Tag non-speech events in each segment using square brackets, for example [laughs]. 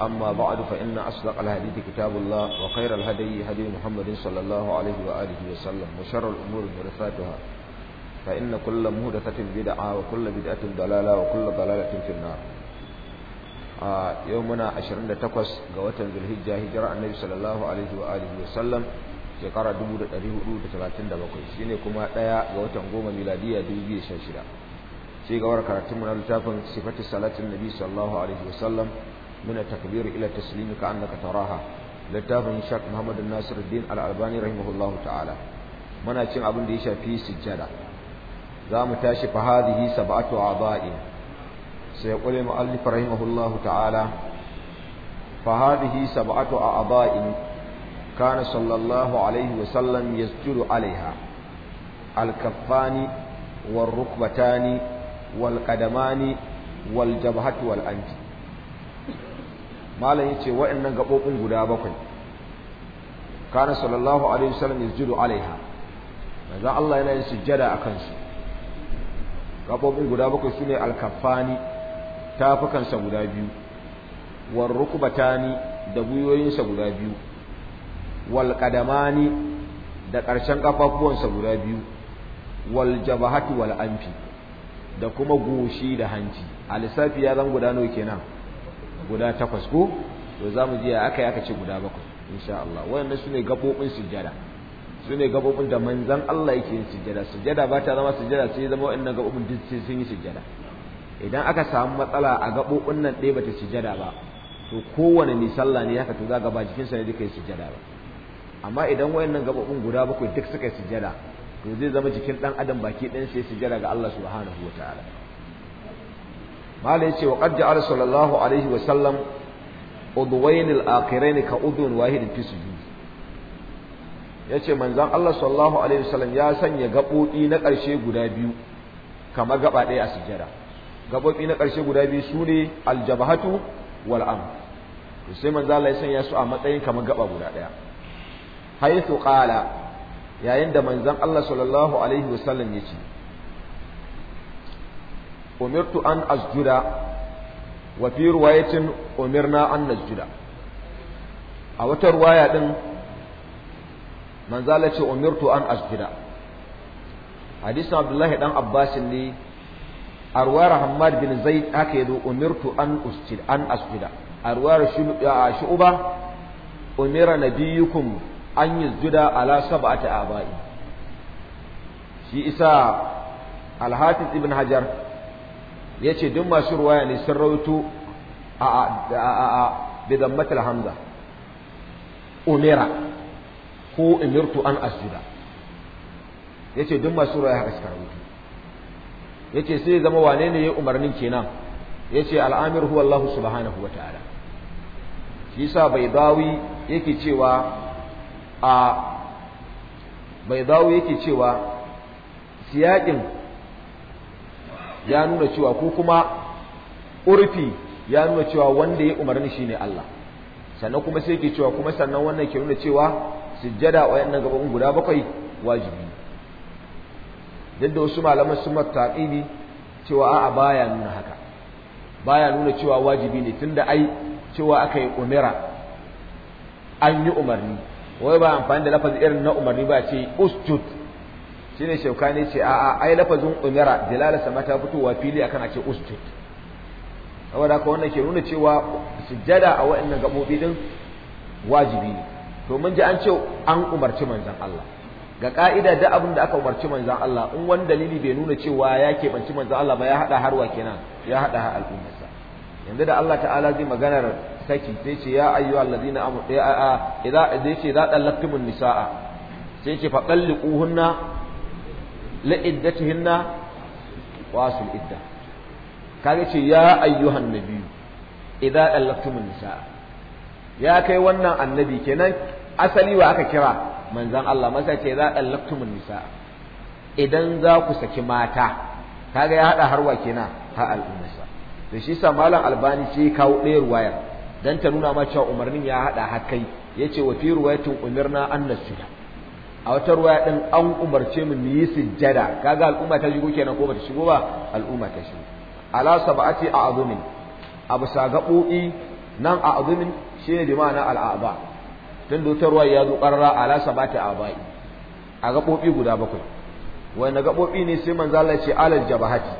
أما بعد فإن أصدق الحديث كتاب الله وخير الهدي هدي محمد صلى الله عليه وآله وسلم وشر الأمور محدثاتها فإن كل محدثة بدعة وكل بدعة ضلالة وكل ضلالة في النار آه يومنا 28 ga watan Zulhijja hijira Annabi sallallahu alaihi wa alihi wa sallam shekara 1437 shine kuma ɗaya ga watan 10 miladiya 2016 sai gawar karatun na littafin sifatu salatin Nabi sallallahu alaihi wa sallam من التكبير إلى التسليم كأنك تراها littafin shak muhammadu nasiruddin al'albani rahimahullahu ta'ala muna cin abin da ya shafi sujjada za mu tashi fa hadhihi sab'atu a'dha'in sai qul mu'allif rahimahullahu ta'ala fa hadhihi sab'atu a'dha'in kana sallallahu alaihi wa sallam yasjudu 'alaiha al-kaffani wal-rukbatani wal wal malam ya yace wa'annan gabobin guda bakwai kana sallallahu alaihi wasallam yasjudu alaiha manzo Allah yana yin sujjada akan su gabobin guda bakwai sune alkafani tafakansa guda biyu war rukbatani da sa guda biyu wal qadamani da ƙarshen sa guda biyu wal jabahati wal anfi da kuma goshi da hanci Alisafi lissafi ya zan guda nawa kenan guda takwas ko to za mu ji aka yi aka ce guda bakwai insha Allah wannan su ne gaɓoɓin sujjada su ne gaɓoɓin da manzan Allah yake yin sujada. sujjada ba ta zama sujjada sai zama waɗannan gaɓoɓin duk sun yi sujjada idan aka samu matsala a gaɓoɓin nan ɗaya bata sujjada ba to kowane mai sallah ne haka to za ga ba jikinsa ne duka yi sujjada ba amma idan waɗannan gaɓoɓin guda bakwai duk suka yi sujada, to zai zama jikin ɗan adam baki ɗan sai sujada ga Allah subhanahu wa ta'ala mala yace wa qad ja'ala sallallahu alaihi wa sallam udwayn al-akhirain ka udun wahidin fi sujud yace manzon Allah sallallahu alaihi sallam ya sanya gabobi na karshe guda biyu kamar gaba daya a sujjada gabobi na karshe guda biyu sune al-jabhatu wal am sai manzon Allah ya sanya su a matsayin kamar gaba guda daya haythu qala yayin da manzon Allah sallallahu alaihi sallam yace umirtu an asjuda wa fi ruwayatin umirna an nasjuda a wata ruwaya din manzala ce umirtu an asjuda hadisin abdullahi dan abbasin ne a hammad hamad bin zaid aka yi umirtu an usjid an asjuda a ruwayar umira nabiyukum an yusjuda ala sab'ati aba'i shi isa al-hafiz ibn hajar ya ce duk masu ruwaya ne sun rawuto a matal hamza umira ko umirtu an asjuda ya ce duk masu ruwaya haka suka rawuto ya ce sai zama wane ne ya umarnin kenan ya ce al'amir huwa Allah subhanahu wa ta'ala shi sa bai dawi yake cewa a bai dawi yake cewa siyaƙin ya nuna cewa ko kuma urfi ya nuna cewa wanda ya umarni shine Allah sannan kuma sai ke cewa kuma sannan wannan ke nuna cewa sujjada wayannan gaban guda bakwai wajibi duk da wasu malaman sun mataqibi cewa a'a baya nuna haka baya nuna cewa wajibi ne tunda ai cewa aka yi umira an yi umarni wai ba amfani da lafazin irin na umarni ba ce ustut. shine ne ce a'a ai lafazin umira dilala sama ta fitowa fili akan ace usjud saboda ko wannan ke nuna cewa sujjada a waɗannan gabobi din wajibi ne to mun ji an ce an umarci manzon Allah ga ka'ida da abin da aka umarci manzon Allah in wani dalili bai nuna cewa ya keɓanci manzon Allah ba ya haɗa harwa kenan ya haɗa har al'ummarsa yanzu da Allah ta'ala zai maganar saki sai ce ya amu ya amanu eh, idza zai ce za dallaktumun nisaa sai ce fa qalliquhunna la'iddatihinna wasul idda kaga ce ya ayyuhan nabiyyu idza dallaqtumun nisa. ya kai wannan annabi kenan asali wa aka kira manzon Allah masa ce idza dallaqtumun nisa. idan za ku saki mata kaga ya hada harwa kenan ha al'ummasa to shi sa malam albani ce kawo ɗaya ruwayar dan ta nuna ma cewa umarnin ya hada hakai yace wa fi ruwayatin umirna an nasila a wata ruwa din an umarce mu mu yi sujjada kaga al'umma ta shigo kenan ko bata shigo ba al'umma ta shigo ala sab'ati a'zumin abu sagaɓoɓi nan a'zumin shine bi ma'ana al'aba tun da wata ya zo qarra ala sab'ati abai a gaɓoɓi guda bakwai wanda gaɓoɓi ne sai manzo Allah ce alal jabahati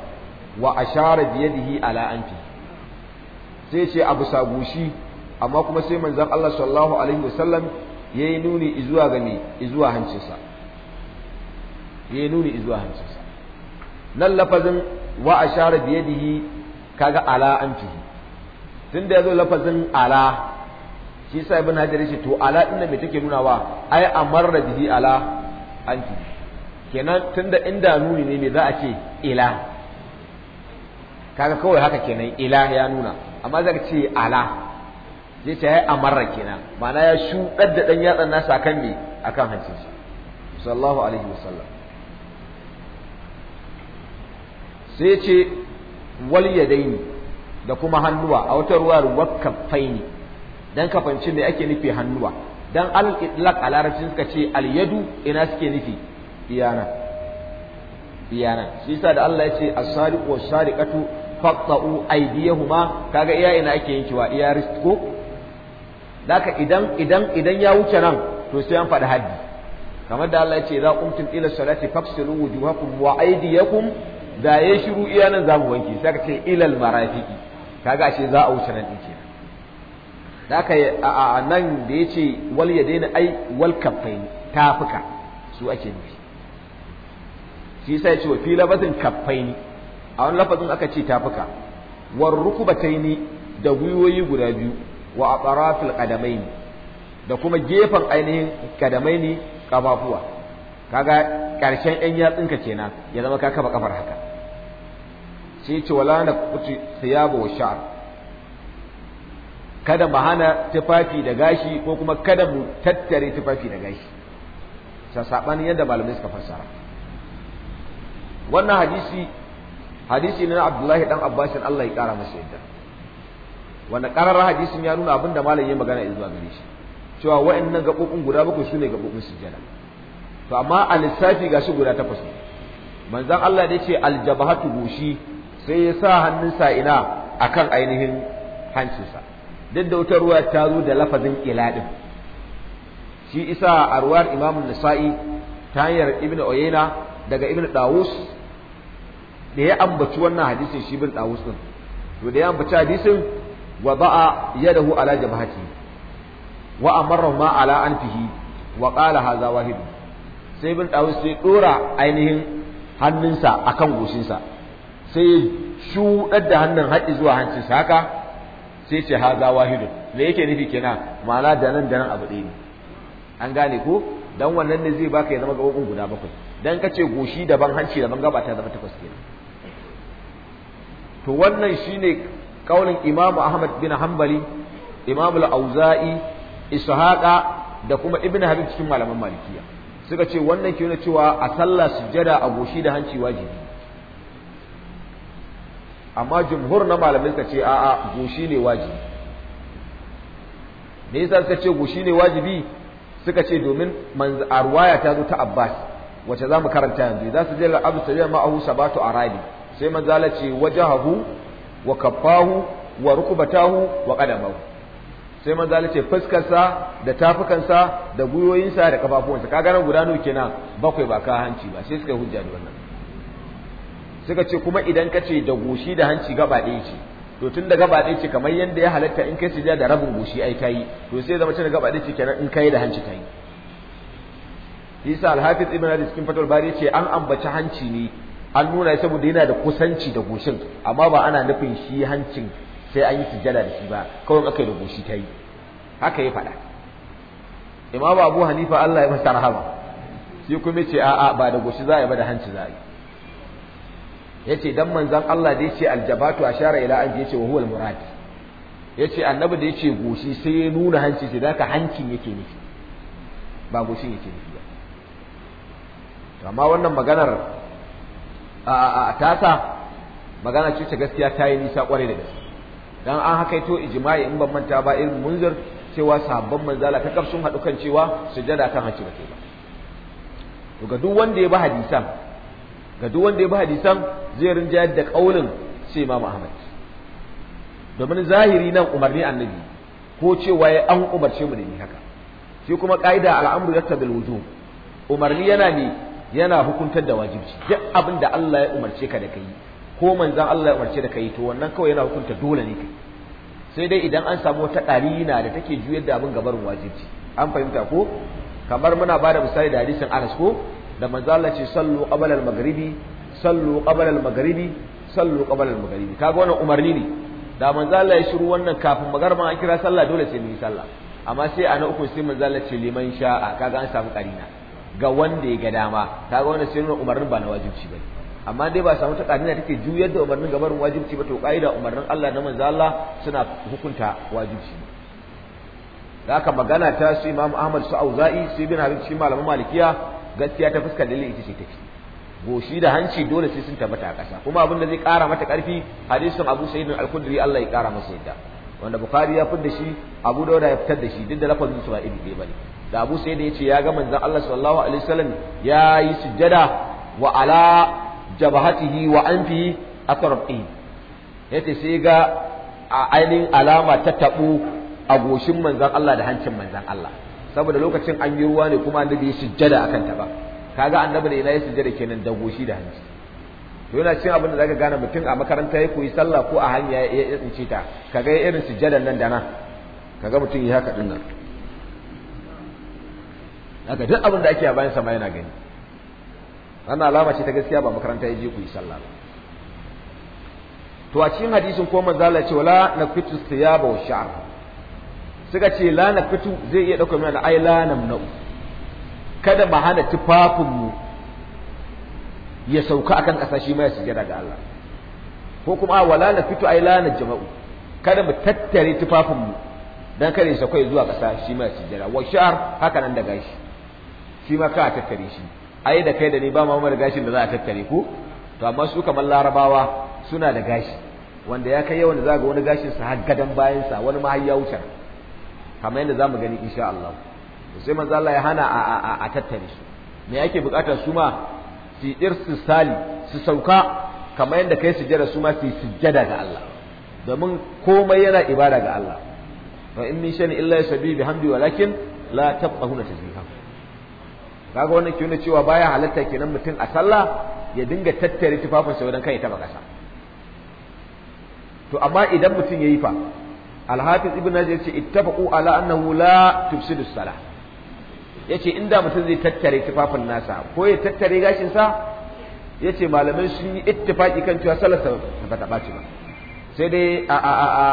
wa ashara bi yadihi ala anti sai ce abu sagushi amma kuma sai manzo Allah sallallahu alaihi wasallam ya yi nuni izuwa ga me izuwa hancinsa ya yi nuni izuwa hancinsa nan lafazin wa a share biye kaga ala an fihi tun da ya zo lafazin ala shi sa ibn hajjari shi to ala inda mai take nuna wa ai amarra bihi ala an fihi kenan tunda inda nuni ne me za a ce ila kaga kawai haka kenan ila ya nuna amma zaka ce ala zai ta yi amarra kenan ma'ana ya shuɗar da ɗan yatsan nasa kan ne akan hancin shi sallallahu alaihi wasallam sai ce wal yadaini da kuma hannuwa a wata ruwa wakkafaini dan kafanci me ake nufi hannuwa dan al-itlaq a suka ce al-yadu ina suke nufi iyana iyana shi yasa da Allah ya ce as-sariqu was-sariqatu faqta'u aydiyahuma kaga iya ina ake yankewa iya ko Daka idan idan idan ya wuce nan to sai an faɗi haddi kamar da Allah ya ce za qumtum ila salati faksilu wujuhakum wa aydiyakum da ya shiru iya nan za mu wanke sai ka ce ilal marafiqi kaga ashe za a wuce nan din kenan Daka a nan da ya ce wal yadaina ai wal kaffain tafuka su ake nufi shi sai ya ce wa fi labazin kaffaini a wani lafazin aka ce tafuka war rukubataini da gwiwoyi guda biyu wa atrafil qadamain da kuma gefen ainihin kadamaini kafafuwa kaga karshen ɗan yatsunka kenan ya zama ka kafa kafar haka sai ce wala na kuti thiyaba wa sha'ar kada mu hana tufafi da gashi ko kuma kada mu tattare tufafi da gashi sa sabanin yadda malamai suka fassara wannan hadisi hadisi ne na Abdullahi dan Abbasin Allah ya kara masa yadda wanda karar hadisin ya nuna abinda malam ya magana zuwa gare shi cewa wa'annan gabobin guda bakwai su ne gaɓoɓin sujjada to amma a lissafi ga shi guda takwas ne manzon Allah da ya ce aljabahatu gushi sai ya sa hannunsa ina akan ainihin hancinsa duk da wutar ruwa ta zo da lafazin iladin shi isa a ruwar imamun nasa'i ta hanyar ibn oyena daga ibnu dawus da ya ambaci wannan hadisin shi bin dawus din to da ya ambaci hadisin wa ya dahu ala jabhati wa amara ma ala anfihi wa qala hadha sai bin dawus sai dora ainihin hannunsa akan goshinsa sai ya da hannun haɗi zuwa hancinsa haka sai ce haza wahidun me yake nufi kenan ma'ana da nan da nan abu ɗaya ne an gane ko dan wannan ne zai baka ya zama gabobin guda bakwai dan kace goshi daban hanci daban gaba ta zama takwas kenan to wannan shine kaulin Imam Ahmad bin Hanbali Imam Al-Auza'i Ishaqa da kuma Ibn Habib cikin malaman Malikiya suka ce wannan ke nuna cewa a sallah sujada a goshi da hanci wajibi amma jumhur na malamin suka ce a'a goshi ne wajibi me yasa suka ce goshi ne wajibi suka ce domin manzo arwaya ta zo ta Abbas wace za mu karanta yanzu za su je la abu tajama ahu sabatu arabi sai manzo Allah ce wajahahu wa kaffahu wa rukubatahu wa qadamahu sai manzo Allah ce fuskarsa da tafukansa da guyoyinsa da kafafuwansa kaga nan guda kenan bakwai ba ka hanci ba sai suka yi hujja da wannan suka ce kuma idan ka ce da goshi da hanci gaba ɗaya ce to tun da gaba ɗaya ce kamar yadda ya halatta in kai sujada da rabin goshi ai kai to sai zama cewa gaba ɗaya ce kenan in kai da hanci kai Isa al-Hafiz Ibn Hadis cikin Fatul Bari ce an ambaci hanci ne an nuna shi saboda yana da kusanci da goshin amma ba ana nufin shi hancin sai an yi sujjada da shi ba kawai aka yi da goshi ta yi haka ya faɗa imamu abu hanifa allah ya masa rahama shi kuma ce a'a ba da goshi za a yi ba da hanci za a yi yace dan manzan allah da yace aljabatu ashara ila an yace wa huwal murad yace annabi da yace goshi sai ya nuna hanci sai zaka hancin yake nufi ba goshin yake nufi ba amma wannan maganar ta tasa magana ce ta gaskiya ta yi nisa kwarai da gaske dan an haka hakaito ijma'i in ban manta ba irin munzir cewa sahabban manzala ta kafsun haɗu kan cewa sujada kan hanci ba ba to ga duk wanda ya bi hadisan ga duk wanda ya bi hadisan zai rinjayar da kaulin sai Imam Ahmad domin zahiri nan umarni annabi ko cewa ya an umarce mu da ni haka shi kuma ka'ida al'amru bil wujub umarni yana ne yana hukuntar da wajibci duk abin da Allah ya umarce ka da kai ko manzon Allah ya umarce da kai to wannan kawai yana hukunta dole ne kai sai dai idan an samu wata ƙarina da take juyar da abin gabarin wajibci an fahimta ko kamar muna ba da misali da hadisin Anas ko da manzon Allah ce sallu qabala al-maghribi sallu qabala al-maghribi sallu qabala al-maghribi kaga wannan umarni ne da manzon Allah ya shiru wannan kafin magarba an kira sallah dole sai mu yi sallah amma sai a na uku sai manzon Allah ce liman sha'a kaga an samu ƙarina ga wanda ya ga dama kaga wanda sai nuna umarnin ba na wajibci ba amma dai ba samu ta kadina take juyar da umarnin gabar wajibci ba to kaida umarnin Allah na manzo Allah suna hukunta wajibci haka magana ta su Imam Ahmad su Auza'i su Ibn Habib cikin malaman Malikiya gaskiya ta fuskar dalili ita ce take goshi da hanci dole sai sun tabbata a ƙasa kuma abin da zai ƙara mata ƙarfi hadisin Abu Sa'id al-Khudri Allah ya ƙara masa yadda wanda Bukhari ya fitar da shi Abu Dawud ya fitar da shi duk da lafazin su ba iri da Abu sai da ya ga manzan Allah sallallahu alaihi wasallam ya yi sujjada wa ala jabahatihi wa anfihi atarqi yace sai ga a ainihin alama ta taɓo a goshin manzan Allah da hancin manzan Allah saboda lokacin an yi ruwa ne kuma annabi ya sujjada akan ta ba kaga annabi da ina yi sujjada kenan da goshi da hanci to yana cin abin da zaka gane mutum a makaranta ya koyi sallah ko a hanya ya tsince ta kaga irin sujjadan nan da nan kaga mutum ya haka din nan haka duk abin da ake a bayan sama yana gani ana alama ce ta gaskiya ba makaranta ya je ku yi sallah ba to a cikin hadisin ko manzo Allah ce wala nakutu thiyaba wa sha'r suka ce la nakutu zai iya dauka mana ai la na'u kada ba hana tufafin mu ya sauka akan kasa shi ma ya sujada ga Allah ko kuma wala nakutu ai la najma'u kada mu tattare tufafin mu dan kare shi kai zuwa kasa shi ma ya sujada wa sha'r haka nan da gashi shi ma ka a tattare shi ai da kai da ni ba ma mu da gashin da za a tattare ku to amma su kamar larabawa suna da gashi wanda ya kai yawan da zaga wani gashin sa har gadan bayan sa wani ma har ya wuce kamar yadda zamu gani insha Allah sai manzo Allah ya hana a a tattare su me yake bukata su ma su irsisali su sauka kamar yadda kai sujjada su ma su sujjada ga Allah domin komai yana ibada ga Allah wa in min shani illa sabibi hamdi walakin la tabqahu tajwid kaga wannan ke nuna cewa baya halatta kenan mutum a sallah ya dinga tattare tufafinsa wajen kan ya taba kasa to amma idan mutum yayi fa al-hafiz ibn najir yace ittafaqu ala annahu la tufsidu salah yace inda mutum zai tattare tufafin nasa ko ya tattare gashin sa yace malamin sun yi ittifaki kan cewa sallar sa ba ta ba sai dai a a a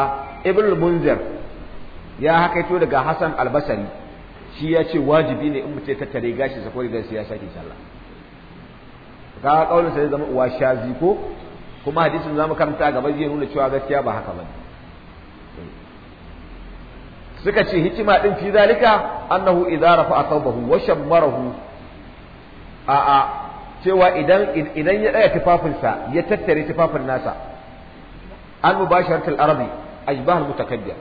ibn munzir ya hakaito daga hasan albasari shi ya ce wajibi ne in mutum ya tattare gashi sa ko rigar ya sake sallah ka kaulin sa zama uwa shazi ko kuma hadisin zamu karanta gaba zai nuna cewa gaskiya ba haka bane suka ce hikima din fi zalika annahu idza rafa'a thawbahu wa shammarahu a a cewa idan idan ya daya tufafinsa ya tattare tufafin nasa al mubasharatul arabi ajbahul mutakabbir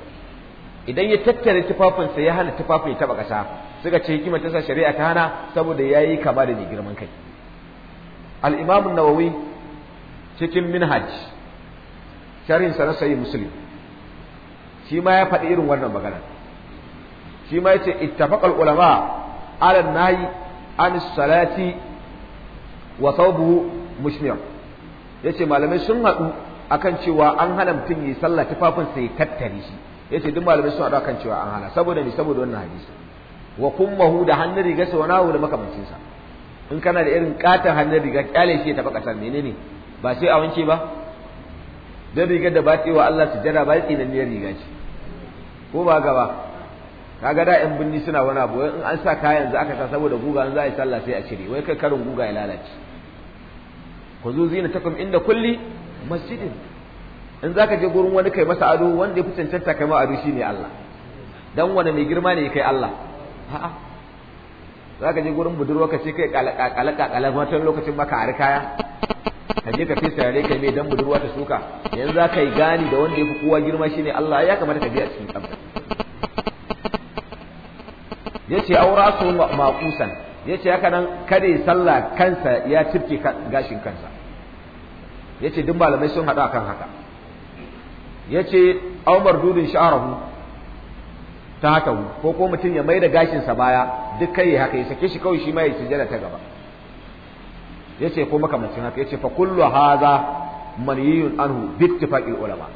idan ya tattare tufafinsa ya hana tufafin ya taba ƙasa suka ce hikimar ta sa shari'a ta hana saboda ya yi kama da mai girman kai al-imamu nawawi cikin minhaj sharhinsa na sayi muslim shi ma ya faɗi irin wannan magana shi ma ya ce ittafaqal ulama ala nayi, an salati wa thawbuhu mushmir yace malamai sun haɗu akan cewa an hana mutum yi sallah tufafinsa ya tattare shi yace duk malamai sun haɗu kan cewa an hana saboda ni saboda wannan hadisi wa kummahu da hannun riga wa nahu da makamancin sa in kana da irin katan hannun riga kyale shi ya tafi kasar menene ba sai a wanke ba dan rigar da ba ta wa Allah sujada ba ne riga ce ko ba gaba kaga da yan binni suna wani abu in an sa kayan yanzu aka sa saboda guga an za a yi sallah sai a cire wai kai karin guga ya lalace ku zina takum inda kulli masjidin in ka je gurin wani kai masa ado wanda ya fi cancanta kai ma ado shine Allah dan wanda mai girma ne kai Allah a'a ka je gurin budurwa ka ce kai kalakakala kalakala matan lokacin maka a kaya ka je ka fesa yare kai mai dan budurwa ta suka yanzu ka yi gani da wanda ya fi kowa girma shine Allah ya kamata ka biya cikin ya ce aura su ya ce haka nan kada ya sallah kansa ya cifke gashin kansa Ya ce duk malamai sun haɗu akan haka yace aw mardudin sha'arahu ta haka ko ko mutum ya mai da gashinsa baya duk kai ya haka ya sake shi kawai shi ma ya sujjada ta gaba yace ko makamancin haka yace fa kullu hadha maniyun anhu bi ittifaqil ulama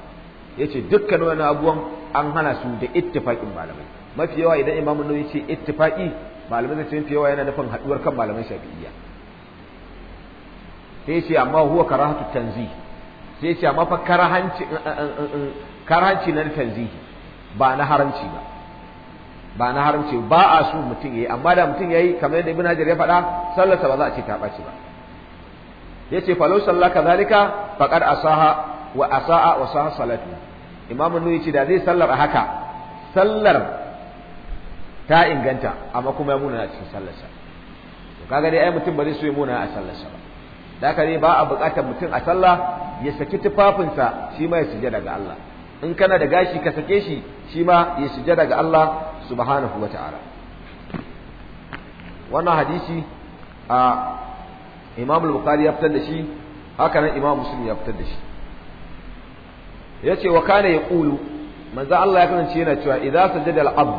yace dukkan wani abuwan an hana su da ittifaqin malamai mafi yawa idan imamu nawawi ce ittifaqi malamai zai ce mafi yawa yana nufin haduwar kan malamai shafi'iyya sai ce amma huwa karahatu tanzih sai ce amma fa karhanci eh, eh, eh, karhanci na tanzihi ba na haramci ba ba na haramci ba a so mutum yayi amma da mutum yayi kamar yadda ibn hajar ya faɗa sallarsa ba za a ce ta ɓaci ba yace fa law salla kadhalika faqad asaha wa asaa wa saha salatu imam an-nawawi ce da zai sallar a haka sallar ta inganta amma kuma ya muna cikin sallarsa to kaga dai ai mutum ba zai so ya muna a sallarsa ba da haka ne ba a bukatar mutum a sallah ya saki tufafinsa shi ma ya suje daga Allah in kana da gashi ka sake shi shi ma ya suje daga Allah subhanahu ta'ala wannan hadisi a Imam al-Bukhari ya fitar da shi haka nan Imam Muslim ya fitar da shi yace wa kana yaqulu manzo Allah ya kasance yana cewa idza sajada al-abd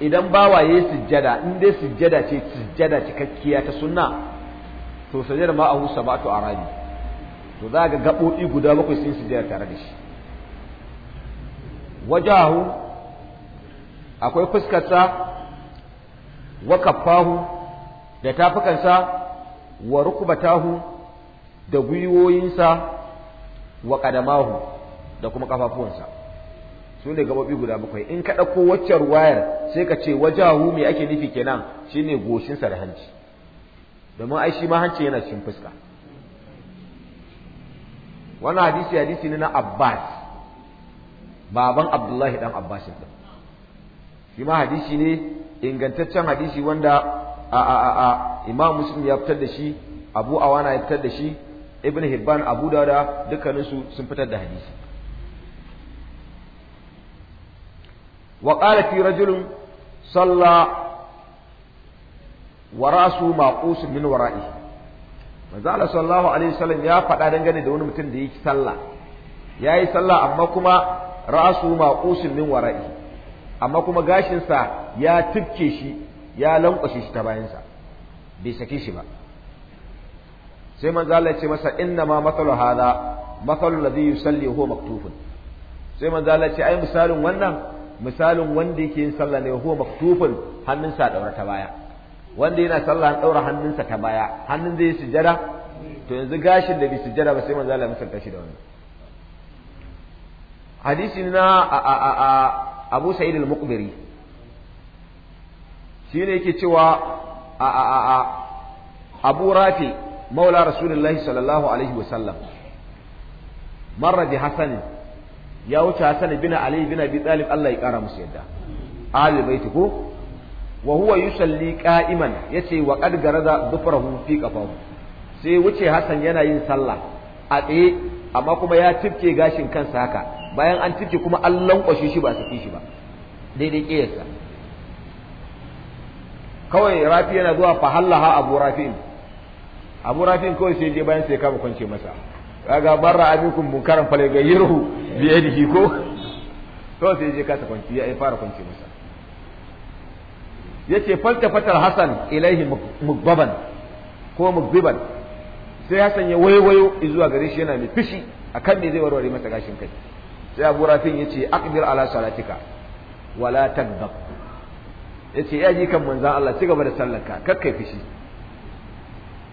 idan bawa yayi sujjada in dai sujjada ce sujjada cikakkiya ta sunna to da ma ahu sabatu arabi to za ga gabobi guda bakwai sun jira tare da shi wajahu akwai fuskarsa wa kaffahu da tafukansa wa rukubatahu da gwiwoyinsa wa kadamahu da kuma kafafuwansa su ne gabobi guda bakwai in ka ɗauko waccan wayar sai ka ce wajahu me ake nufi kenan shine goshinsa da hanci domin ai shi ma hanci yana cikin fuska wannan hadisi hadisi ne na Abbas baban Abdullahi dan Abbas din shi ma hadisi ne ingantaccen hadisi wanda a a a, a Imam Muslim ya fitar da shi Abu Awana ya fitar da shi Ibn Hibban Abu dukkanin dukkaninsu sun fitar da hadisi wa qala fi rajulin salla wa rasu maqus min wara'i manzo Allah sallallahu alaihi wasallam ya faɗa dangane da wani mutum da yake sallah yayi sallah amma kuma rasu maqus min wara'i amma kuma gashinsa ya tibke shi ya lankwashe shi ta bayansa bai saki shi ba sai manzo ya ce masa inna ma mathalu hada mathalu ladhi yusalli huwa maktufun sai manzo ya ce ai misalin wannan misalin wanda yake yin sallah ne huwa maktufun hannunsa sa daura ta baya wanda yana sallah an daura hannunsa ta baya hannun zai yi sujjada to yanzu gashin da bai sujjada ba sai manzo Allah ya misalta shi da wannan hadisi na Abu Sa'id al-Muqbiri shine yake cewa a a a Abu Rafi maula Rasulullahi sallallahu alaihi wa sallam marra bi Hasan ya wuce Hasan bin Ali bin Abi Talib Allah ya kara musu yadda ahli baiti ko wa huwa yusalli qa'iman yace wa qad Garaza dhufrahu fi qafahu sai wuce Hassan yana yin sallah a tsaye amma kuma ya tifke gashin kansa haka bayan an tifke kuma an lankwashe shi ba saki shi ba daidai kiyarsa kawai rafi yana zuwa fahallaha abu rafin abu rafin kawai sai je bayan sai kama kwance masa kaga barra abikum munkaran falagayyirhu bi yadihi ko to [laughs] sai je kasa kwanci ya fara kwance masa yace faltafatar hasan ilaihi mugbaban ko mugbiban sai hasan ya waiwayo zuwa gare shi yana mai fishi akan ne zai warware masa gashin kai sai abu rafin ce aqdir ala salatika wala tagdab yace ya ji kan manzon Allah ci gaba da sallarka kar kai fishi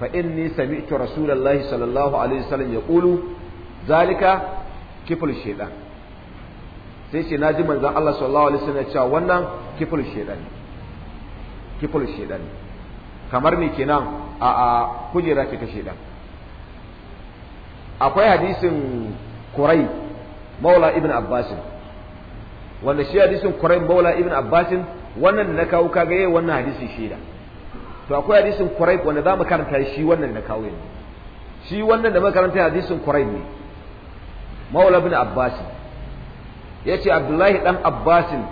fa inni sami'tu rasulullahi sallallahu alaihi wasallam yaqulu zalika kiful shaytan sai ce naji manzan Allah sallallahu alaihi wasallam ya ce wannan kiful shaytan ne kiful shaidan kamar me kenan a a kujera ke ta shaidan akwai hadisin kurai maula ibn abbasin wanda shi hadisin kurai maula ibn abbasin wannan na kawo kaga yayi wannan hadisin sheda. to akwai hadisin kurai wanda za mu karanta shi wannan na kawo yanzu shi wannan da karanta hadisin kurai ne maula ibn abbasin yace abdullahi dan abbasin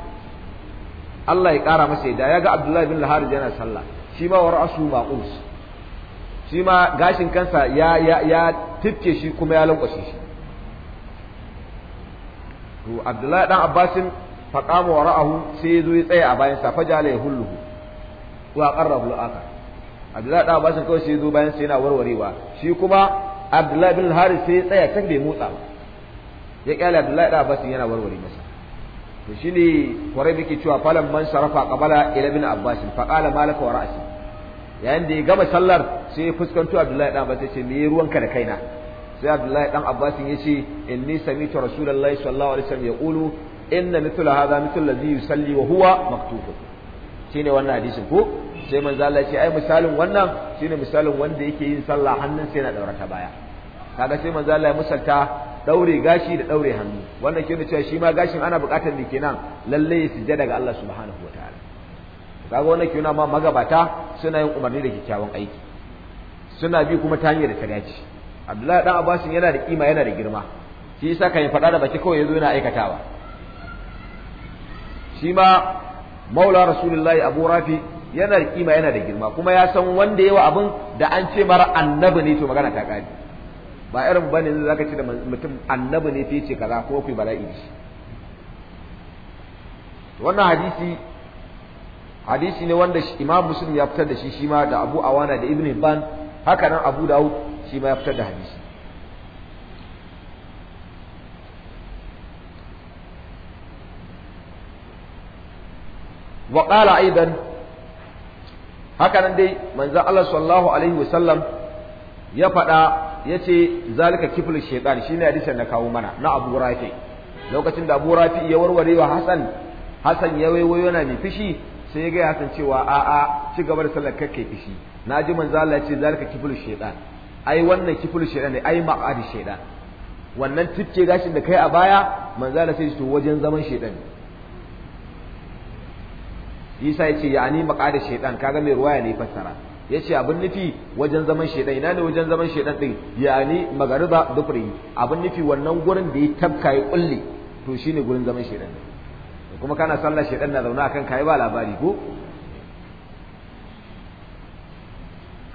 Allah ya ƙara masa yadda ya ga Abdullahi bin Laharij yana sallah shi ma asu ba maqus shi ma gashin kansa ya ya ya tifke shi kuma ya lankwashe shi to Abdullahi dan Abbasin faqama wa ra'ahu sai ya zo ya tsaya a bayan sa fajala ya hulluhu wa qarrabu al-akhar Abdullahi dan Abbasin kawai sai ya zo bayan sa yana warwarewa shi kuma Abdullahi bin Lahari sai ya tsaya kan bai motsa ba ya kyale Abdullahi dan Abbasin yana warware masa to shine kwarai yake cewa falan man sarafa qabala ila ibn abbas fa qala malaka wa ra'si yayin da ya gama sallar sai ya fuskanto abdullahi dan abbas ce me ruwanka da kaina sai abdullahi dan abbas ya ce inni sami'tu rasulullahi sallallahu alaihi wasallam yaqulu inna mithla hadha mithla alladhi yusalli wa huwa maktuf shine wannan hadisin ko sai manzo Allah ya ce ai misalin wannan shine misalin wanda yake yin sallah hannun sai yana daura ta baya kaga sai manzo Allah ya misalta daure gashi da daure hannu wannan ke nuna cewa shi ma gashin ana buƙatar ne nan lalle ya sujjada daga Allah subhanahu wataala kaga wannan ke nuna ma magabata suna yin umarni da kyakkyawan aiki suna bi kuma ta hanyar da ta Abdullahi dan abbasin yana da kima yana da girma shi yasa kan faɗa da baki kawai yazo yana aikatawa shi ma maula rasulullahi abu rafi yana da kima yana da girma kuma ya san wanda yawa abin da an ce mara annabi ne to magana ta kare ba irin bane ne zaka ce da mutum annabi ne fice kaza ko kai bala'i shi wannan hadisi hadisi ne wanda Imam Muslim ya fitar da shi shi ma da Abu Awana da Ibn ban haka nan Abu Dawud shi ma ya fitar da hadisi wa qala aidan haka nan dai manzon Allah sallallahu alaihi wasallam ya faɗa yace zalika kiflu shaytan shine hadisin da kawo mana na Abu Rafi lokacin da Abu Rafi ya warware wa hasan hasan ya waiwayo yana mai fishi sai ya ga hasan cewa a a ci gaba da sallar kake fishi na ji manzo Allah yace zalika kiflu shaytan ai wannan kiflu shaytan ne ai ma'adi shaytan wannan tifke gashin da kai a baya manzo Allah sai to wajen zaman shaytan Isa yace ya'ani maqadi shaytan kaga mai ruwaya ne fassara ya ce abin nufi wajen zaman shaidan ina ne wajen zaman shaidan din yani magariba dufri abin nufi wannan gurin da ya tabka ya kulle to shine gurin zaman shaidan din kuma kana sallar shaidan na zauna akan kai ba labari ko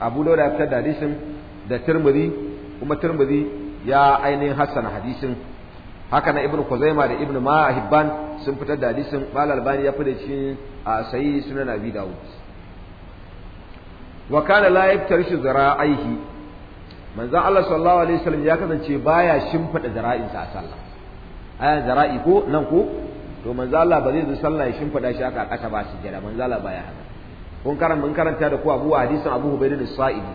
Abu Dawud ya fitar da hadisin da Tirmidhi kuma Tirmidhi ya ainihin hassan hadisin haka na Ibn Khuzaimah da Ibn Ma'ahibban sun fitar da hadisin Mal Albani ya fi da shi a Sahih Sunan Abi Dawud wa kana la yaftarishu zara'aihi manzo Allah sallallahu alaihi wasallam ya kasance baya shimfada zara'insa a sallah aya zara'i ko nan ko to manzo Allah ba zai zo sallah ya shimfada shi aka kasa ba shi jira manzo Allah baya haka kun karan mun karanta da ku Abu hadisin Abu Hubaydah as-Sa'idi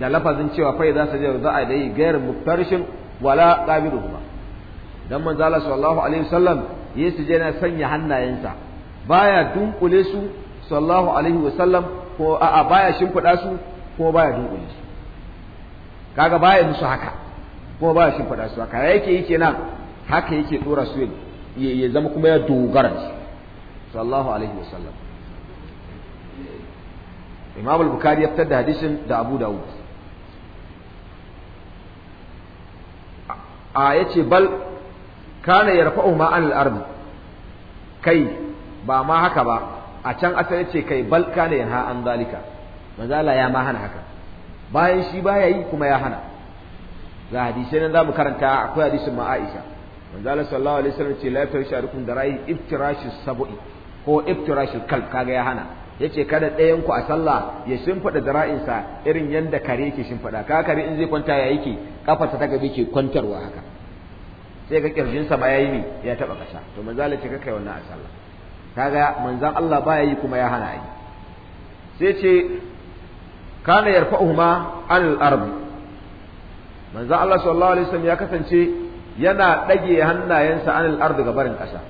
da lafazin cewa fa idza sajada za'a dai gairu muftarishin wala qabiluhuma dan manzo Allah sallallahu alaihi wasallam yayi sujada sanya hannayensa baya dunkule su sallallahu alaihi wasallam ko a'a baya shimfiɗa su ko baya dunkule su kaga baya musu haka ko baya shimfiɗa su haka yake yi kenan haka yake dora su ya zama kuma ya dogara da su sallallahu alaihi wasallam imam al-bukhari ya fitar da hadisin da abu dawud a yace bal kana yarfa'u ma an al ardh kai ba ma haka ba a can asali ce kai balka yaha yanha an zalika manzo ya ma hana haka bayan shi baya yi kuma ya hana Za hadisai nan zamu karanta akwai hadisin ma Aisha manzo Allah sallallahu alaihi wasallam ce sharikun da darai iftirashi sab'i ko iftirashi kalb kaga ya hana yace kada ɗayan ku a sallah ya shimfida dara'insa irin yadda kare yake shimfida ka kare in zai kwanta ya yake kafarsa ta gabe ke kwantarwa haka sai ga kirjinsa ma yayi ne ya taba kasa to manzo Allah ce kai wannan a sallah kaga manzan Allah baya yi kuma ya hana yi sai ce kana yarfa'uhuma anil ardi manzon Allah sallallahu alaihi wasallam ya kasance yana dage hannayensa anil ardi ga barin ƙasa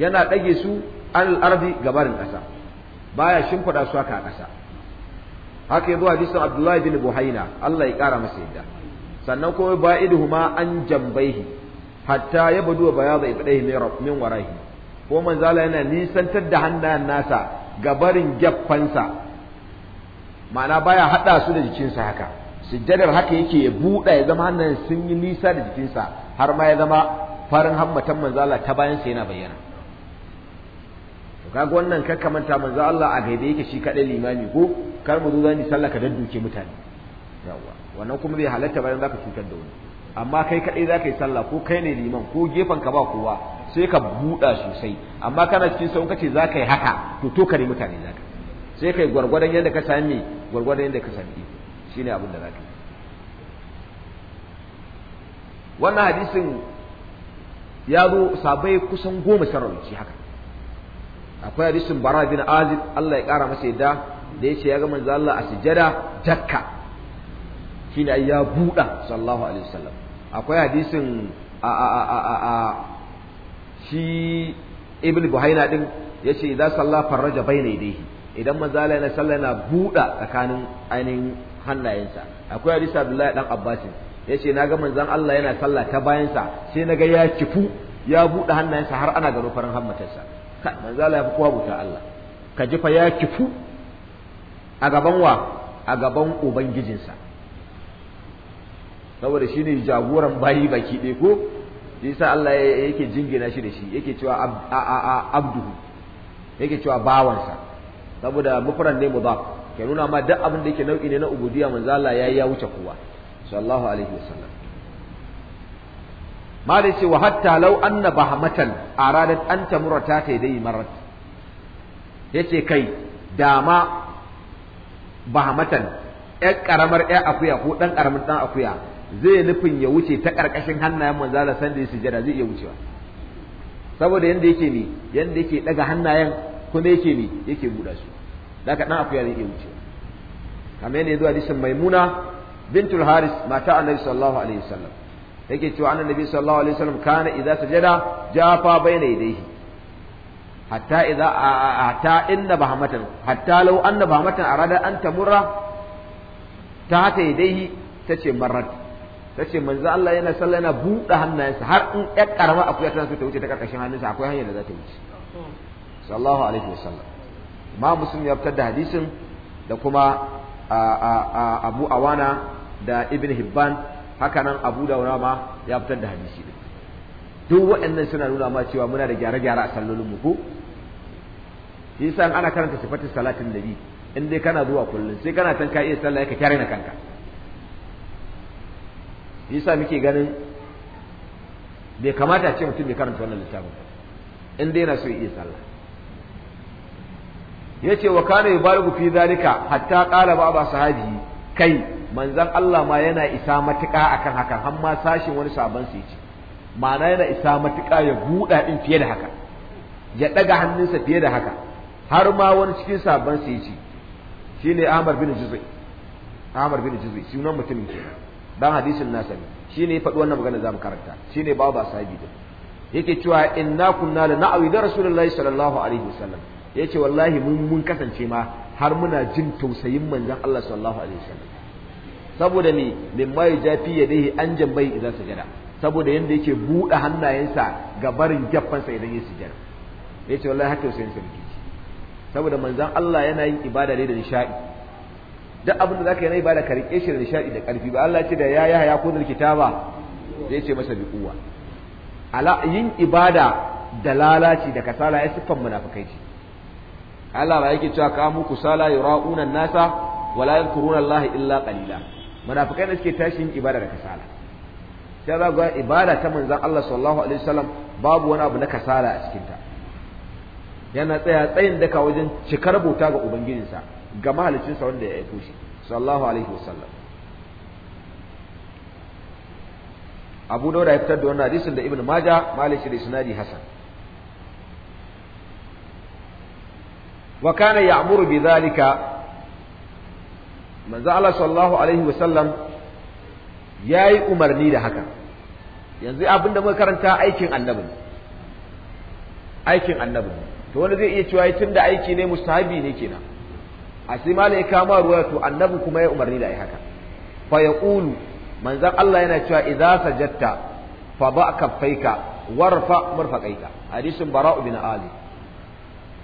yana dage su anil ardi ga barin ƙasa baya shimfiɗa su haka a ƙasa haka ya zo hadisin Abdullahi bin Buhaina Allah ya ƙara masa yadda sannan kuma ba'iduhuma an jambaihi hatta yabdu bayadu ibdaihi min warahi ko manzala yana nisantar da hannayen nasa ga barin gyaffansa ma'ana baya hada su da jikinsa haka sujjadar haka yake ya buɗa ya zama hannayen sun yi nisa da jikinsa har ma ya zama farin hammatan manzala ta bayansa yana bayyana kaga wannan kar manta manzo Allah a gaida yake shi kadai limami ko kar mu zo yi sallah ka dadduke mutane yawa wannan kuma bai halatta bayan zaka cutar da wani amma kai kadai zaka yi sallah ko kai ne liman ko gefan ka ba kowa sai ka buɗa sosai amma kana cikin sau kace za ka yi haka to to kare mutane za ka sai ka yi gwargwadon yadda ka sami gwargwadon yadda ka sami shi ne abin da za ka yi wannan hadisin ya zo sabai kusan goma wuce haka akwai hadisin bara bin azib Allah ya kara masa yadda da ya ce ya ga manzo Allah a sujada jakka shine ne ya buɗa sallallahu alaihi wasallam akwai hadisin a a a a shi ibn buhaina din yace idza salla farraja baina yadayhi idan manzo Allah yana sallah yana buɗa tsakanin ainihin hannayensa akwai hadisi Abdullahi dan ce yace ga manzon Allah yana sallah ta bayansa sai na ga ya kifu ya buɗe hannayensa har ana gano farin hammatarsa kai manzo Allah ya fi kowa buta Allah ka ji fa ya kifu a gaban wa a gaban ubangijinsa saboda shine jagoran bayi baki ɗaya ko shi yasa Allah yake jingina shi da shi yake cewa abduhu yake cewa bawansa saboda mufrad ne mudaf ke nuna ma duk abin da yake nau'i ne na ubudiyya manzo Allah yayi ya wuce kowa sallallahu alaihi wasallam ma da ce hatta law anna bahmatan aradat an tamura ta ta dai marat yace kai dama bahmatan ƴar karamar ƴar akuya ko ɗan karamin ɗan akuya zai nufin ya wuce ta ƙarƙashin hannayen Manzala Allah sanda ya sujada zai iya wucewa saboda yanda yake ne yanda yake daga hannayen kuma yake ne yake buɗa su daga dan akuya zai iya wucewa kamar yadda ya zo hadisin maimuna bintul haris mata annabi sallallahu alaihi wasallam yake cewa annabi sallallahu alaihi wasallam kana idza sajada jafa baina yadayhi hatta idza hatta inna bahamatan hatta law anna bahamatan arada an tamurra ta hata yadayhi tace marrat ta ce manzo Allah yana sallah yana buɗe hannayensa har in ɗan karama akuya tana so ta wuce ta karkashin hannunsa akwai hanyar da za ta wuce sallallahu alaihi wasallam ma muslim ya fitar da hadisin da kuma Abu Awana da Ibn Hibban haka nan Abu Dawra ma ya fitar da hadisi din duk waɗannan suna nuna ma cewa muna da gyare-gyare a sallolin mu ko shi yasa ana karanta sifatin salatin nabi in dai kana zuwa kullum sai kana tan ka iya sallah ka kyare na kanka yasa muke ganin bai kamata ce mutum bai karanta wannan littafin in dai na so ya iya sallah yace wa kana yubaligu fi zalika hatta qala ba sahabi kai manzan Allah ma yana isa matuƙa akan hakan har ma sashin wani sabon su yace ma'ana yana isa matuƙa ya buɗa din fiye da haka ya daga hannunsa fiye da haka har ma wani cikin sabon su yace shine Amar bin Juzai Amar bin Juzai sunan mutumin kenan dan hadisin nasabi ne shine ya faɗi wannan magana zamu karanta shine babu sabi din yake cewa inna kunna la na'wi da rasulullahi sallallahu alaihi wasallam yace wallahi mun mun kasance ma har muna jin tausayin manzon Allah sallallahu alaihi wasallam saboda ni min mimma yujafi yadayhi an jambai idan sujada saboda yanda yake buɗe hannayensa ga barin geffansa idan ya sujada yace wallahi har tausayin sa saboda manzon Allah yana yin ibada ne da nishadi duk abin da zaka yi na ibada ka rike shi da nishadi da karfi ba Allah ce da ya ya ya kunul kitaba Zai ce masa bi kuwa ala yin ibada da lalaci da kasala ya siffan munafikai ce Allah ba yake cewa kamu kusala yura'una nasa wala yadhkuruna Allah illa qalila munafikai ne suke tashin ibada da kasala sai za ga ibada ta manzon Allah sallallahu alaihi wasallam babu wani abu na kasala a cikinta yana tsaya tsayin daka wajen cikar bauta ga ubangijinsa ga mahalicinsa wanda ya aiko shi sallallahu alaihi wasallam Abu Dawud ya fitar da wannan hadisin da Ibn Majah malici da isnadi Hasan wa kana ya'muru bi dhalika manzo Allah sallallahu alaihi wasallam yayi umarni da haka yanzu abinda muka karanta aikin annabi aikin annabi to wani zai iya cewa tunda aiki ne mustahabi ne kenan a sai mala ya kama ruwa to annabi kuma ya umarni da ai haka fa yaqulu manzan Allah yana cewa idza sajatta fa ba kaffaika warfa murfaqaika hadisin bara'u bin ali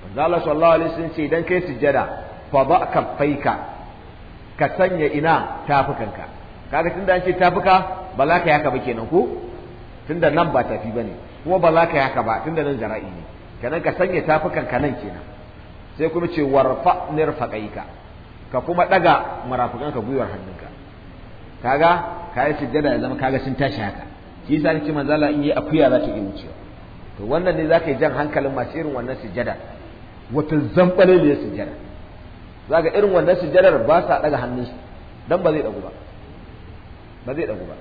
manzon Allah sallallahu alaihi wasallam ce idan kai sujjada fa ba kaffaika ka sanya ina tafukanka kaga tunda an ce tafuka ba za ka haka ba kenan ko tunda nan ba tafi bane kuma ba za ka haka ba tunda nan jara'i ne kenan ka sanya tafukanka nan kenan sai kuma ce warfa nirfaqaika ka kuma daga ka gwiwar hannunka kaga yi sujjada ya zama kaga sun tashi haka shi yasa kace manzo Allah in yi akuya za ta iya wucewa to wannan ne zaka yi jan hankalin masu irin wannan sujjada wata zamɓale ne sujjada zaka irin wannan sujjadar ba sa daga shi. dan ba zai dagu ba ba zai dagu ba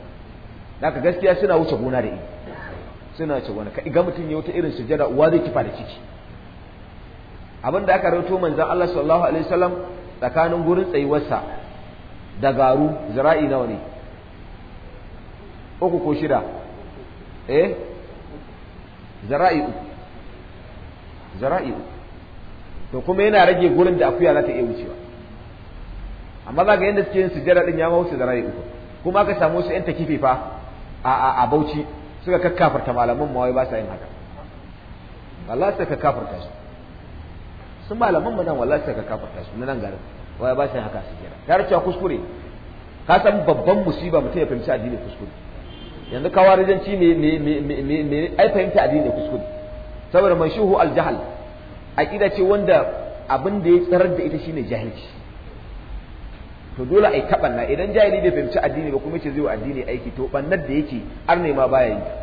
zaka gaskiya suna wuce gona da iri suna wuce gona ka ga mutum ya wata irin sujjada uwa zai kifa da ciki abin da aka rawaito manzan Allah sallallahu alaihi wasallam tsakanin gurin tsayuwarsa da garu zira'i nawa ne uku ko shida eh zira'i uku zira'i uku to kuma yana rage gurin da akuya za ta iya wucewa amma za ga yadda suke yin sujjada din ya ma wuce zira'i uku kuma aka samu su yan takifi fa a a a bauchi suka kakkafarta malaman mawai ba sa yin haka Allah suka kakkafarta su sun malaman mu nan wallahi sai ka kafarta su nan garin wai ba sai haka su kira tare cewa kuskure ka san babban musiba mutum ya fahimci addini kuskure yanzu kawarijanci ne ne ne ne ai fahimta addini kuskure saboda mai shuhu jahl aqida ce wanda abin da ya tsarar da ita shine jahilci to dole ai na idan jahili bai fahimci addini ba kuma yace zai wa addini aiki to bannar da yake arne ma baya yi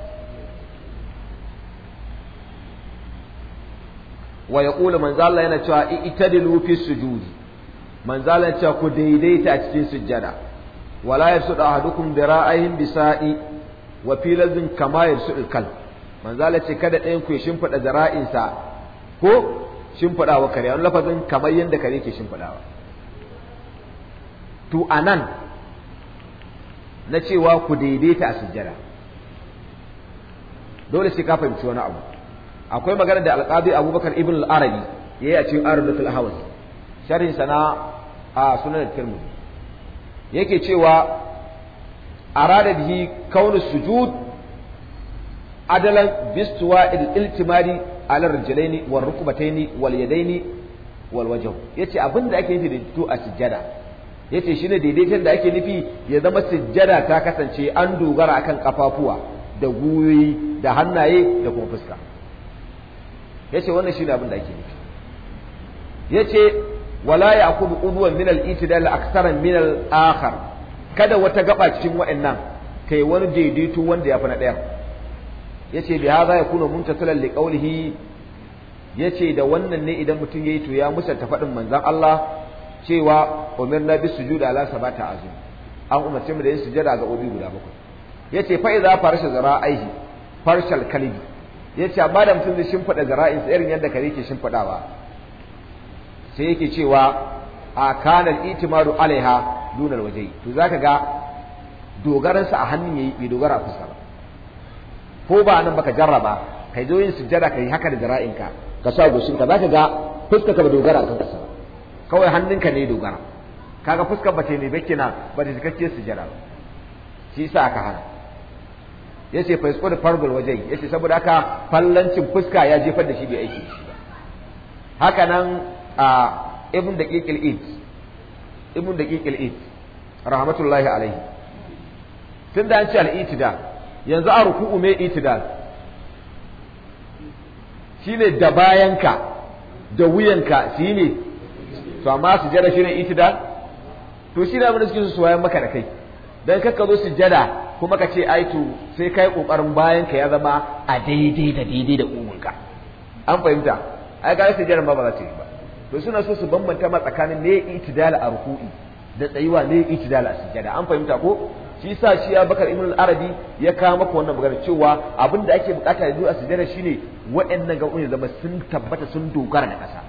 wa ya ƙula manzala yana cewa da nufi su manzo manzala cewa ku daidaita a cikin sujjada wala da ra'ayin bisa bisa'i wa filar lazin kama yasudu kal Manzala Allah ce kada ɗayan ku ya da ra'insa ko shimfidawa kare wani lafazin kamar yadda kare ke shimfidawa to nan, na cewa ku daidaita a sujjada dole sai ka fahimci wani abu akwai magana da alqadi abubakar ibn al-arabi yayi a cikin ardatul hawas sharhin sana a sunan tirmidhi yake cewa arada bihi kaunu sujud adalan bistuwa iltimari ala rajulaini wal rukbataini wal yadaini wal wajh yace abinda ake nufi da to a sujjada yace shine daidaiton da ake nufi ya zama sujjada ta kasance an dogara akan kafafuwa da guyoyi da hannaye da kuma fuska yace wannan shi ne abin da ake nufi ce wala ku bi min minal itidal aksaran minal akhar kada wata gaba cikin wa'annan kai wani daidaito wanda ya fi na daya ce bi hadha yakunu muntasilan li qawlihi ce da wannan ne idan mutum yayi to ya musanta faɗin manzon Allah cewa umirna bi sujuda ala sabata azu an umarci mu da yin sujada ga obi guda bakwai yace fa idza farsha zara'aihi farshal kalbi ce amma da mutum zai shimfada zara'in sa irin yadda kare ke shimfidawa sai yake cewa a kanar itimaru alaiha dunar waje. to za ka ga dogaransa a hannun yayi bai dogara fuska ba ko ba nan baka jarraba kai zo yin sujjada kai haka da zara'in ka sa goshinka ka ga fuska ka ba dogara kan kasa kawai hannunka ne dogara kaga fuska ba ta ne ba kenan ba ta cikakkiyar sujjada ba shi yasa aka hana yace da fargul wajen ya yace saboda haka fallancin fuska ya jefar da shi bai aiki shi ba haka nan a ibn da al-id ibn da al-id rahmatullahi alaihi tun da an ce al da yanzu a ruku'u mai itidal shine da bayanka da wuyanka ne to amma su shine itidal to shi da abin da suke so su wayan maka da kai dan kakka zo su jada. kuma ka ce aitu sai kai kokarin bayan ka ya zama a daidai da daidai da umurka. an fahimta ai ga sai jaran ba ba za ta yi ba to suna so su bambanta ma tsakanin ne itidal a ruku'i da tsayuwa ne itidal a sujada an fahimta ko shi sa shi ya bakar ibn al-arabi ya kawo maka wannan magana cewa abin da ake bukata da a sujada shine waɗannan ga ya zama sun tabbata sun dogara da kasa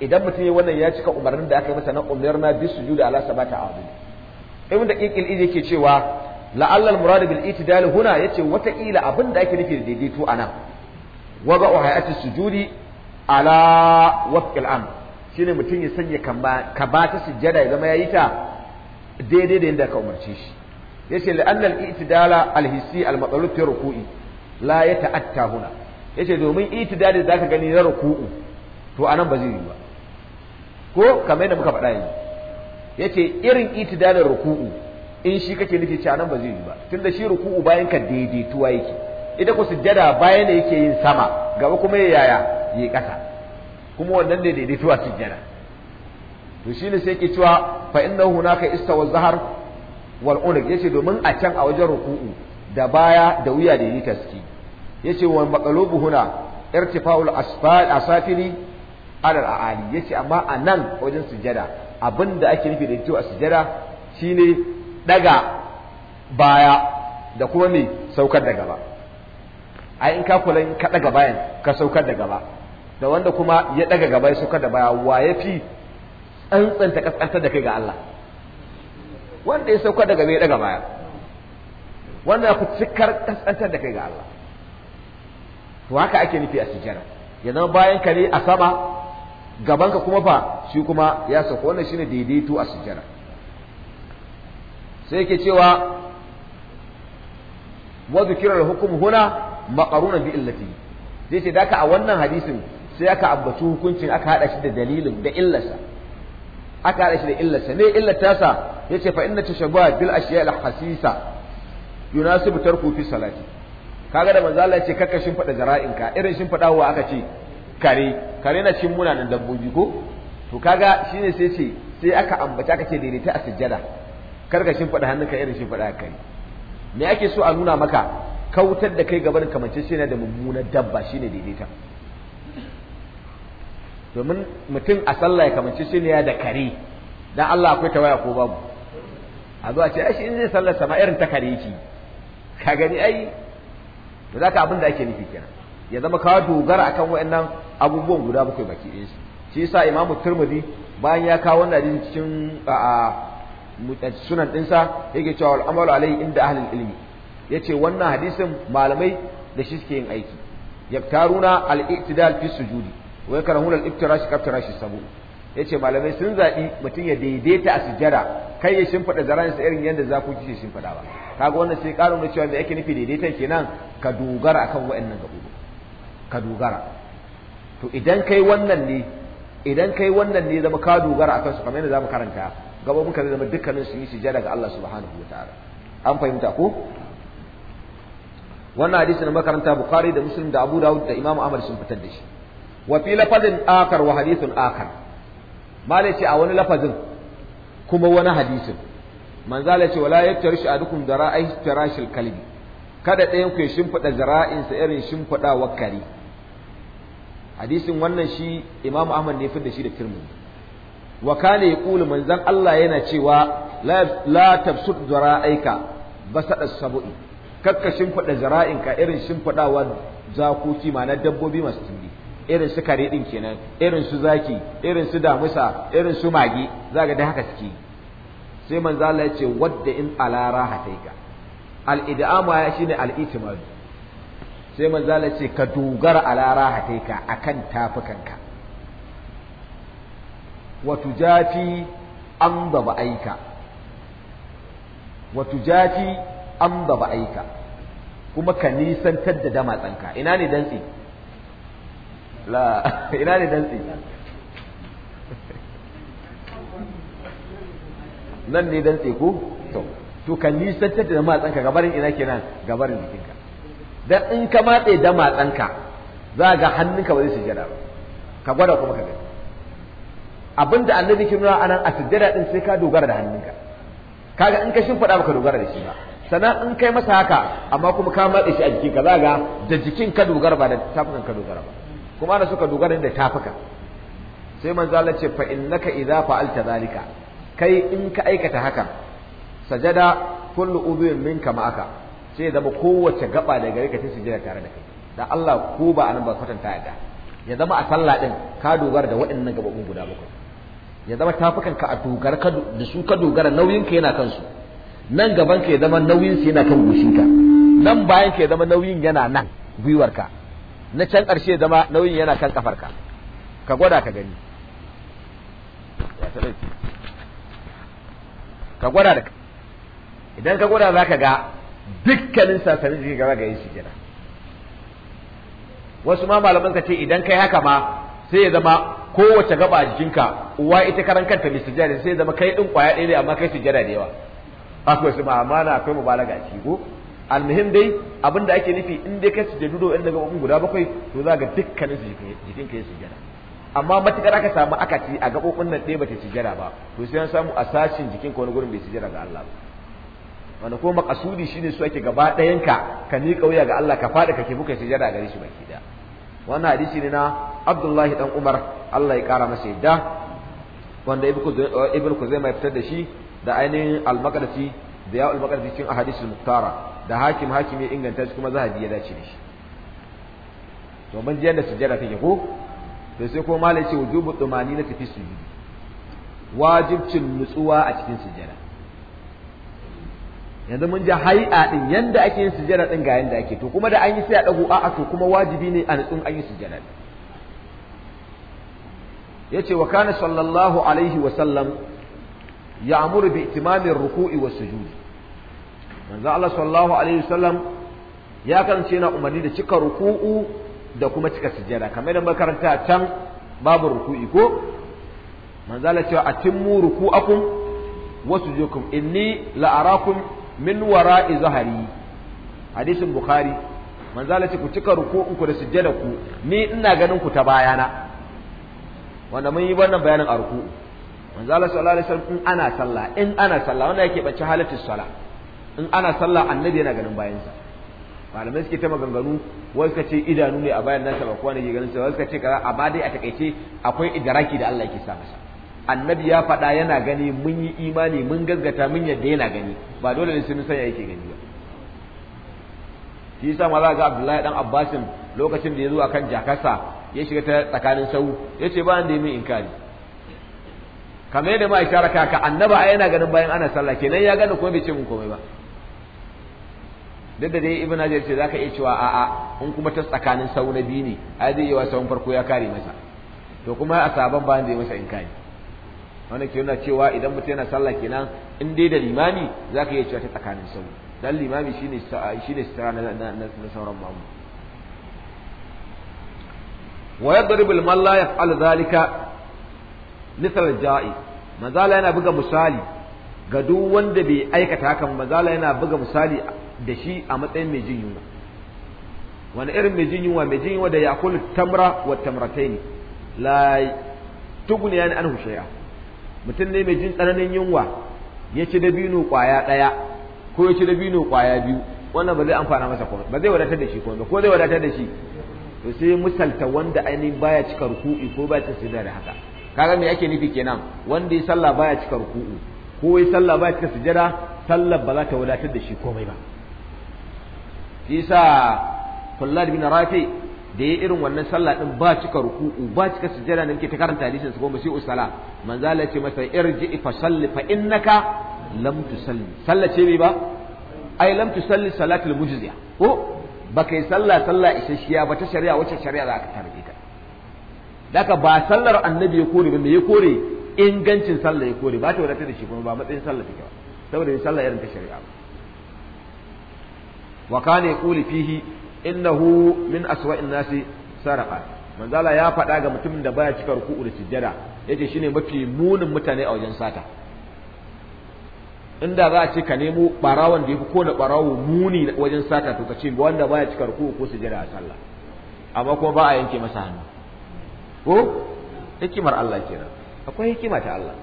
idan mutum ya wannan ya cika umarnin da aka yi masa na umarna bisu juda ala sabata a ibn da kikil yake cewa la'allal muradu bil itidal huna yace wata ila abin da ake nufi da daidaito a nan. waga hayatu sujudi ala waqil am shine mutum ya sanya kaba ta sujjada ya zama yayi ta daidai da yadda aka umarce shi yace la'anna al itidala al hissi al matalub fi ruku'i la yata'atta huna yace domin itidali zaka gani na ruku'u to anan ba zai yi ba ko kamar yadda muka faɗa yanzu yace irin itidalin ruku'u in shi kake nufi ci anan ba zai yi ba tunda shi ruku'u bayan ka daidaituwa yake ita ku sujjada bayan da yake yin sama gaba kuma ya yaya yi ƙasa kuma wannan ne daidaituwa sujjada to shine sai ke cewa fa inna hunaka istawa zahar wal unuq yace domin a can a wajen ruku'u da baya da wuya da yi taski yace wa maqalubu huna irtifa'ul asfal asafili ala al'ali yace amma anan wajen sujjada abinda ake nufi da a sujjada shine daga baya da kuma me saukar da gaba ai in ka kula ka daga bayan ka saukar da gaba da wanda kuma ya daga gaba ya saukar da baya wa ya fi tsantsanta kaskantar da kai ga Allah wanda ya saukar da gaba ya daga baya wanda ya fi cikar kaskantar da kai ga Allah to haka ake nufi a sujjada ya zama bayan ka ne a sama gabanka kuma fa shi kuma ya sauko. wannan shine daidaito a sujjada sai yake cewa wa zikirar hukum huna na bi illati zai ce daka a wannan hadisin sai aka ambaci hukuncin aka hada shi da dalilin da illarsa aka hada shi da illarsa ne illatasa ya ce fa inna tashabbuha bil ashiya al hasisa yunasibu tarku fi salati kaga da manzo Allah ce kakka shin fada jara'inka irin shin wa aka ce kare kare na cin munanan dabbobi ko to kaga shine sai ce sai aka ambaci aka ce daidaita a sujjada kar ka shimfiɗa hannunka irin shimfiɗa kai me ake so a nuna maka kautar da kai gaban kamance shi ne da mummunar dabba shine daidaita domin mutum a sallah ya kamance shi ne ya da kare dan Allah akwai tawaya ko babu a zuwa ce ai shi in zai sallar sama irin ta kare yake ka gani ai to zaka abin da ake nufi kenan ya zama ka dogara akan wayannan abubuwan guda bakwai baki ɗaya shi yasa imamu turmudi bayan ya kawo wannan cikin a sunan dinsa yake cewa al amalu alai inda ilimi ya yace wannan hadisin malamai da shi suke yin aiki yaktaruna al i'tidal fi sujudi wa yakrahuna al iftirash ka iftirash sabu yace malamai sun zabi mutum ya daidaita a sijada kai ya shimfida sa irin yadda zakoki ke shimfida ba kaga wannan sai karin da cewa me yake nufi daidaita kenan ka dogara akan wa'annan gabobi ka dogara to idan kai wannan ne idan kai wannan ne zama ka dogara akan su kamar yadda zamu karanta gaba muka zama dukkanin su yi sujada ga Allah subhanahu ta'ara, an fahimta ko wannan hadisi na makaranta bukhari da muslim da abu dawud da imam ahmad sun fitar da shi wa fi lafazin akar wa hadithun akar malai ce a wani lafazin kuma wani hadisin manzala ce wala yaftarish adukum dara'i tarashil kalbi kada ɗayan ku ya shimfida zara'insa sa irin shimfiɗa wakari hadisin wannan shi imam ahmad ne fi da shi da tirmidhi wa kana yaqulu manzan Allah yana cewa la tafsud zara'aika basada sabu'i kakka shimfida zara'inka irin shimfidawa zakoki ma na dabbobi masu tumbi irin su kare din kenan irin su zaki irin su damusa irin su magi zaka da haka suke sai manzo Allah ya ce wadda in ala rahataika al-idama ya shine al-itimad sai manzo Allah ya ce ka dogara ala rahataika akan ka. وتجافي tujati an وتجافي aika wa كما an daba aika kuma ka nisantar da damatsanka ina ne [laughs] ina ne nan ne dan ko to to ka nisantar da tsanka gabarin ina kenan gabarin jikinka dan in ka matse damatsanka za ga hannunka ba zai sujada ba ka gwada kuma ka gani Abin abinda annabi ke nuna anan a sujjada din sai ka dogara da hannunka kaga in ka shimfiɗa baka dogara da shi ba sannan in kai masa haka amma kuma ka matsa shi a jikin ka zaga da jikin ka dogara ba da tafukan ka dogara ba kuma ana suka dogara da tafuka sai manzo Allah ce fa innaka idza fa'alta zalika kai in ka aikata haka sajada kullu udhun minka ma'aka sai ya zama kowace gaba da gare ka ta sujjada tare da kai da Allah ko ba anan ba kwatanta ya ya zama a sallah din ka dogara da waɗannan gabobin guda bakwai ya zama tafukanka a dogara da su ka dogara nauyin ka yana kansu nan gaban ka ya zama nauyin su yana kan gushinka nan bayan ka ya zama nauyin yana nan gwiwarka na can ƙarshe zama nauyin yana kan kafarka ka gwada ka gani ka gwada da idan ka gwada za ka ga dukkanin sansanin jiki gaba ga yin shi kenan wasu ma malaman ka ce idan kai haka ma sai ya zama kowace gaba a jikinka uwa ita karan kanta mai sujjada sai ya zama kai din kwaya ɗaya ne amma kai sujjada da yawa akwai su ma'amala akwai mubalaga a ciki ko almuhim dai abin da ake nufi in dai kai sujjadu do in daga guda bakwai to za ga dukkanin jikinka ya sujjada amma matukar aka samu ci a gaɓoɓin nan ɗaya bata sujjada ba to sai an samu a sashin jikinka wani gurin bai sujjada ga Allah ba wanda kuma makasudi shine su ake gaba ɗayanka ka miƙa wuya ga Allah ka faɗi ka kefu kai sujada gare shi baki ɗaya wannan hadisi ne na Abdullahi dan Umar Allah ya kara masa yadda wanda Ibn Kuzaima mai fitar da shi da ainihin al-Maqdisi da ya al cikin ahadisul muktara da hakim hakim ya inganta shi kuma zahabi ya dace da shi to mun ji yadda sujjada take ko to sai ko malai ce wujubu na fi sujudi wajibcin nutsuwa a cikin sujjada yanzu mun ji hai'a din yanda ake yin sujjada din ga yanda ake to kuma da an yi sai a dago a'a to kuma wajibi ne a nutsun an yi sujjada yace wa kana sallallahu alaihi wa sallam ya'muru bi itimamir ruku'i was sujudi manzo Allah sallallahu alaihi wa sallam ya kasance yana umarni da cika ruku'u da kuma cika sujjada kamar da makaranta can babu ruku'i ko manzo Allah cewa atimmu ruku'akum wasujukum inni la'arakum min wara'i zahari hadisin bukhari manzala ce ku cika ruku'un ku da sujjada ku ni ina ganin ku ta bayana wanda mun yi wannan bayanin a ruku'u manzala sallallahu alaihi wasallam in ana sallah in ana sallah wanda yake bace halatus sallah in ana sallah annabi yana ganin bayansa malamai suke ta maganganu wasu ka ce idanu ne a bayan nasa ba kowa ne ke ganin sa wasu ka ce kaza amma dai a takaice akwai idraki da Allah yake sa masa annabi ya faɗa yana gani mun yi imani mun gaggata mun yadda yana gani ba dole ne sun sanya yake gani ba shi yasa ma za ga Abdullahi dan Abbasin lokacin da ya zo akan jakasa ya shiga ta tsakanin sau yace ba da yi inkari kamar yadda ma ishara kaka annaba a yana ganin bayan ana sallah kenan ya gani kuma bai ce mun komai ba duk da dai ibn hajar ce zaka iya cewa a'a in kuma ta tsakanin sau na biyu ne ai zai yi wa farko ya kare masa to kuma a saban bayan da ya masa inkari wanda ke nuna cewa idan mutum yana sallah kenan in dai da limami za ka iya cewa ta tsakanin sauri. dan limami shi ne sitara na sauran mamu wa yadribu al-man la yaf'al dhalika misal ja'i mazala yana buga misali ga duk wanda bai aikata hakan mazala yana buga misali da shi a matsayin mai jin yunwa wani irin mai jin yunwa mai jin yunwa da ya yakulu tamra wa ne? la tugni an anhu shay'a mutum ne mai jin tsananin yunwa ya ci dabino kwaya ɗaya ko ya ci dabino kwaya biyu wannan ba zai amfana masa kuma. ba zai wadatar da shi ba ko zai wadatar da shi to sai misalta wanda ainihin baya cika ruku'i ko baya cika sujada da haka kaga me ake nufi kenan wanda ya sallah baya cika ruku'u ko ya sallah baya cika sujada sallar ba za ta wadatar da shi komai ba shi yasa kullad bin rafi' da ya irin wannan sallah din ba cika ruku'u ba cika sujjada da muke ta karanta hadisin su goma sai usala ya ce masa irji fa salli fa innaka lam tusalli sallace ce me ba ai lam tusalli salatul mujziya ko ba kai sallah sallah isasshiya ba ta shari'a wacce shari'a za ka tarbi ka daka ba sallar annabi ya kore ba me ya kore ingancin sallah ya kore ba ta wadatar da shi kuma ba matsayin sallah take ba saboda sallah irin ta shari'a wa kana yaqulu fihi innahu min aswa'in nasi saraqa manzala ya faɗa ga mutumin da baya cika ruku'u da sujjada yace shine mafi munin mutane a wajen sata inda za a ce ka nemo barawon da yafi kona barawo muni wajen sata to ka ce wanda baya cika ruku'u ko sujjada a sallah amma kuma ba a yanke masa hannu ko hikimar Allah kenan akwai hikima ta Allah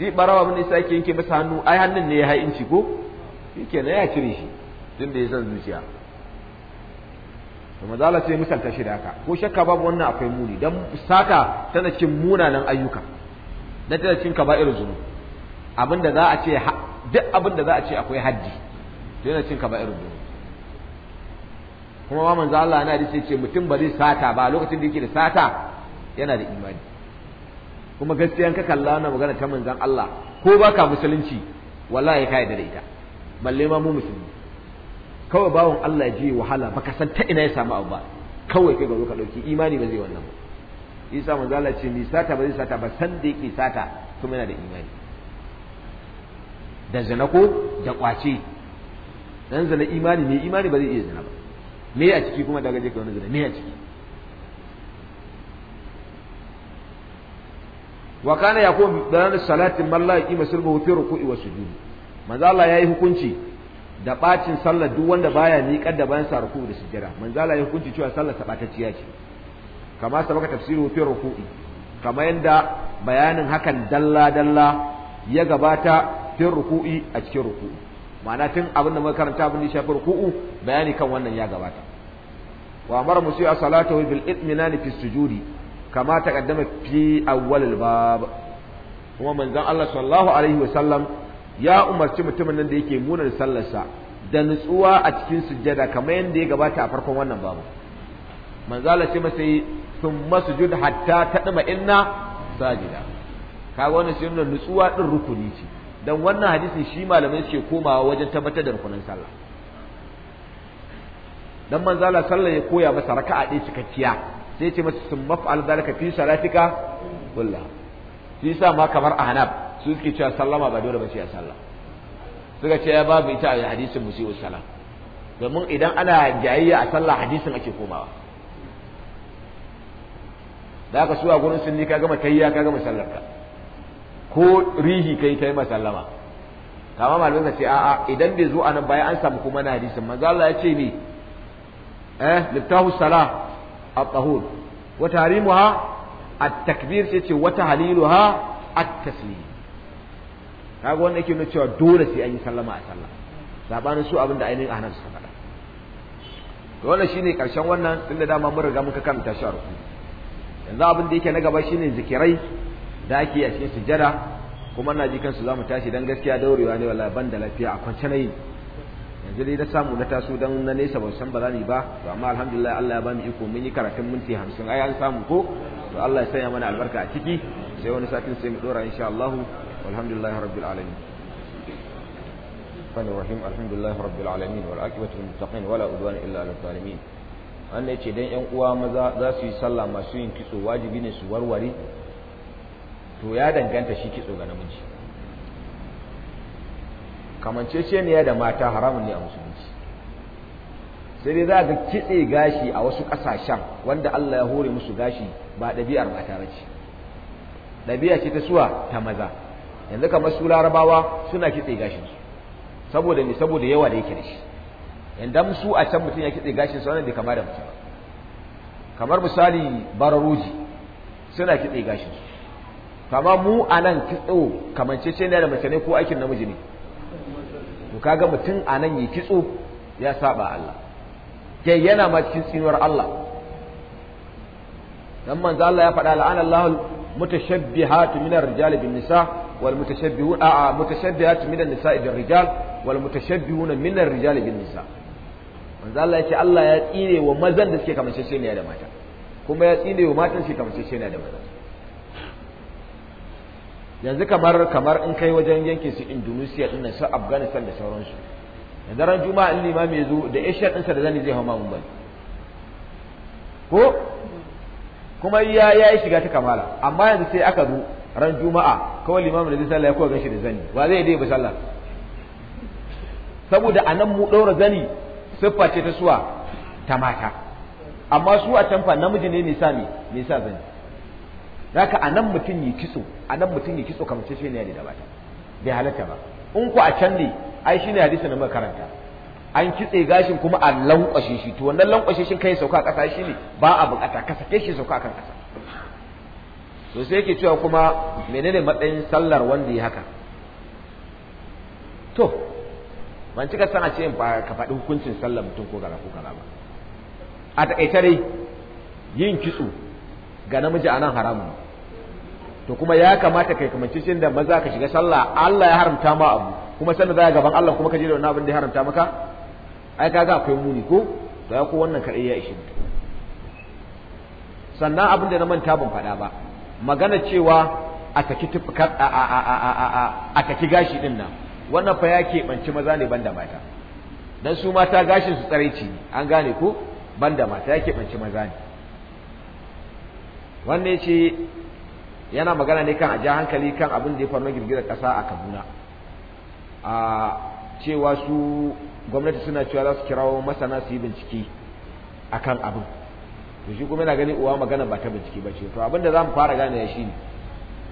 shi barawa mun isa yake yanke masa hannu ai hannun ne ya hai inci ko shikenan na ya cire shi da ya san zuciya da manzo Allah sai misalta shi da haka ko shakka babu wannan akwai muni don sata tana cikin munanan ayyuka dan tana cikin kaba'ir zunub abinda za a ce duk abinda za a ce akwai haddi to yana cikin kaba'ir zunu. kuma ba manzo Allah yana da ce mutum ba zai sata ba lokacin da yake da sata yana da imani kuma gaskiya ka kalla na magana ta manzon Allah ko baka musulunci wallahi ka yarda da ita balle ma mu musulmi kawai bawon Allah ji wahala baka san ta ina ya samu abu ba kawai kai garo ka dauki imani ba zai wannan ba isa manzala ce ni sata ba zai sata ba san da yake sata kuma yana da imani da zina ko da kwace dan zina imani ne imani ba zai iya zina ba me a ciki kuma daga je ka wani zina me a ciki wa kana yakum da salati man la yuqimu sirbahu fi ruku'i wa sujudi manzala yayi hukunci da bacin sallar duk wanda baya miƙar da bayan sa ruku da sujjada manzo Allah ya hukunci cewa sallar sabatacciya ce kama sabaka tafsiru fi ruku'i kama yanda bayanin hakan dalla dalla ya gabata fi ruku'i a cikin ruku'u ma'ana tun abin da muka karanta abin da shafi ruku'u bayani kan wannan ya gabata wa amara musu a wa bil itminan fi sujudi kama kaddama fi awwal al bab kuma manzon Allah sallallahu alaihi wa sallam ya umarci mutumin nan da yake munar sallarsa da nutsuwa a cikin sujjada kamar yadda ya gabata a farkon wannan babu manzala sai masa sun masujud hatta ta ɗuma inna sajida kaga wannan shi nutsuwa din rukuni ce dan wannan hadisin shi malamai suke komawa wajen tabbatar da rukunin sallah dan manzala sallah ya koya masa raka'a ɗaya cikakkiya sai ce masa sun maf'al zalika fi salatika kullah shi yasa ma kamar ahnab su suke cewa sallama ba dole ba ce a sallah suka ce ya babu ita a hadisin musiu salam domin idan ana jayayya a sallah hadisin ake komawa da aka suwa gurin sunni ka gama tayya ka gama sallar ka ko rihi kai kai masallama kama malamin ka ce a'a idan bai zo anan baya an samu kuma na hadisin manzo Allah ya ce ni eh liftahu salah at-tahur wa tahrimuha at-takbir sai ce wa tahliluha at-taslim kaga wanda yake nuna cewa dole sai an yi sallama a sallah sabanin su abin da ainihin ahnan su faɗa to wannan shine karshen wannan tunda dama mun riga muka kamta shi a ruku yanzu abin da yake na gaba shine zikirai da ake a cikin sujada kuma na ji kansu zamu tashi dan gaskiya daurewa ne wallahi ban da lafiya a kwance nayi yanzu dai na samu na taso dan na nesa ba san ba za ni ba to amma alhamdulillah Allah ya ba mu iko mun yi karatun minti 50 ai an samu ko to Allah ya sanya mana albarka a ciki sai wani satin sai mu dora insha Allah والحمد لله رب العالمين الرحمن الرحيم الحمد لله رب العالمين والعاقبة للمتقين ya ce dan yan uwa maza za su yi sallah masu yin kitso wajibi ne su warware to ya danganta shi kitso ga namiji kamanceceniya da mata haramun ne a musulunci sai dai za ga kitse gashi a wasu ƙasashen wanda Allah ya hore musu gashi ba ɗabi'ar mata ba ce ɗabi'a ce ta suwa ta maza yanzu kamar su larabawa suna kitse gashin su saboda ne saboda yawa da yake da shi idan su a can mutum ya kitse gashin su wannan bai kamar da mutum kamar misali bararuji suna kitse gashin su kama mu a nan kitso kamancece ne da mace ne ko aikin namiji ne to kaga mutum a nan yi kitso ya saba Allah kai yana ma cikin tsinuwar Allah dan manzo Allah ya faɗa la'anallahu Allahu mutashabbihatu minar rijali bin nisa' والمتشبهون آه متشبهات من النساء بالرجال والمتشبهون من الرجال بالنساء manzo Allah yace Allah ya tsine wa mazan da suke kamanceceniya da mata kuma ya tsine wa matan suke kamanceceniya da mata. yanzu kamar kamar in kai wajen yankin su Indonesia din nan su Afghanistan da sauransu yanzu ran juma'a in limami ya zo da Asia din sa da zani zai hawa mamun bai ko kuma ya ya shiga ta kamala amma yanzu sai aka zo ran juma'a kawai limamin da zai sallah ya kowa ganshi da zani ba zai dai ba sallah saboda a nan mu ɗaura zani siffa ce ta suwa ta mata amma su a tamfa namiji ne nisa ne nisa zani zaka a nan mutum yi kitso a nan mutum yi kitso kamar ce shi ne da bata bai halatta ba in ku a can ne ai shine hadisi na makaranta an kitse gashin kuma a lankwashe shi to wannan lankwashe shi kai sauka a ƙasa shi ne ba a bukata ka sake shi sauka a kan ƙasa to sai yake cewa kuma menene matsayin sallar wanda ya haka to ban cika sana ce ba ka faɗi hukuncin sallar mutum ko kaza ko kaza ba a taƙaice dai yin kitso ga namiji a nan haramun to kuma ya kamata kai kamancin da maza ka shiga sallah Allah ya haramta ma abu kuma sanda za gaban Allah kuma ka je da wani abin da ya haramta maka ai kaga akwai muni ko to ya ko wannan kaɗai ya ishe sannan abin da na manta ban faɗa ba magana cewa a kaki a a a gashi din nan wannan fa ya keɓanci maza ne banda mata dan su mata gashin su tsaraici ne an gane ko banda mata ya keɓanci maza ne wannan ce yana magana ne kan a ja hankali kan abin da ya faru na girgizar ƙasa a Kaduna a cewa su gwamnati suna cewa za su kirawo masana su yi bincike akan abin to shi kuma yana gani uwa magana ba ta bincike ba ce to abinda za mu fara gane shi ne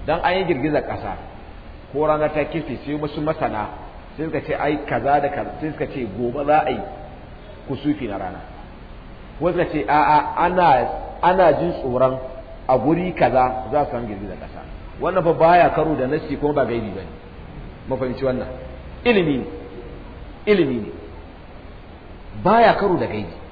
dan an yi girgizar ƙasa ko rana ta kifi sai wasu masana sai suka ce ai kaza da kaza sai suka ce gobe za a yi kusufi na rana ko suka ce a'a ana ana jin tsoron a guri kaza za su samu girgiza ƙasa wannan fa baya karo da nasi kuma ba gaibi bane ne. mafahimci wannan ilimi ne ilimi ne baya karo da gaibi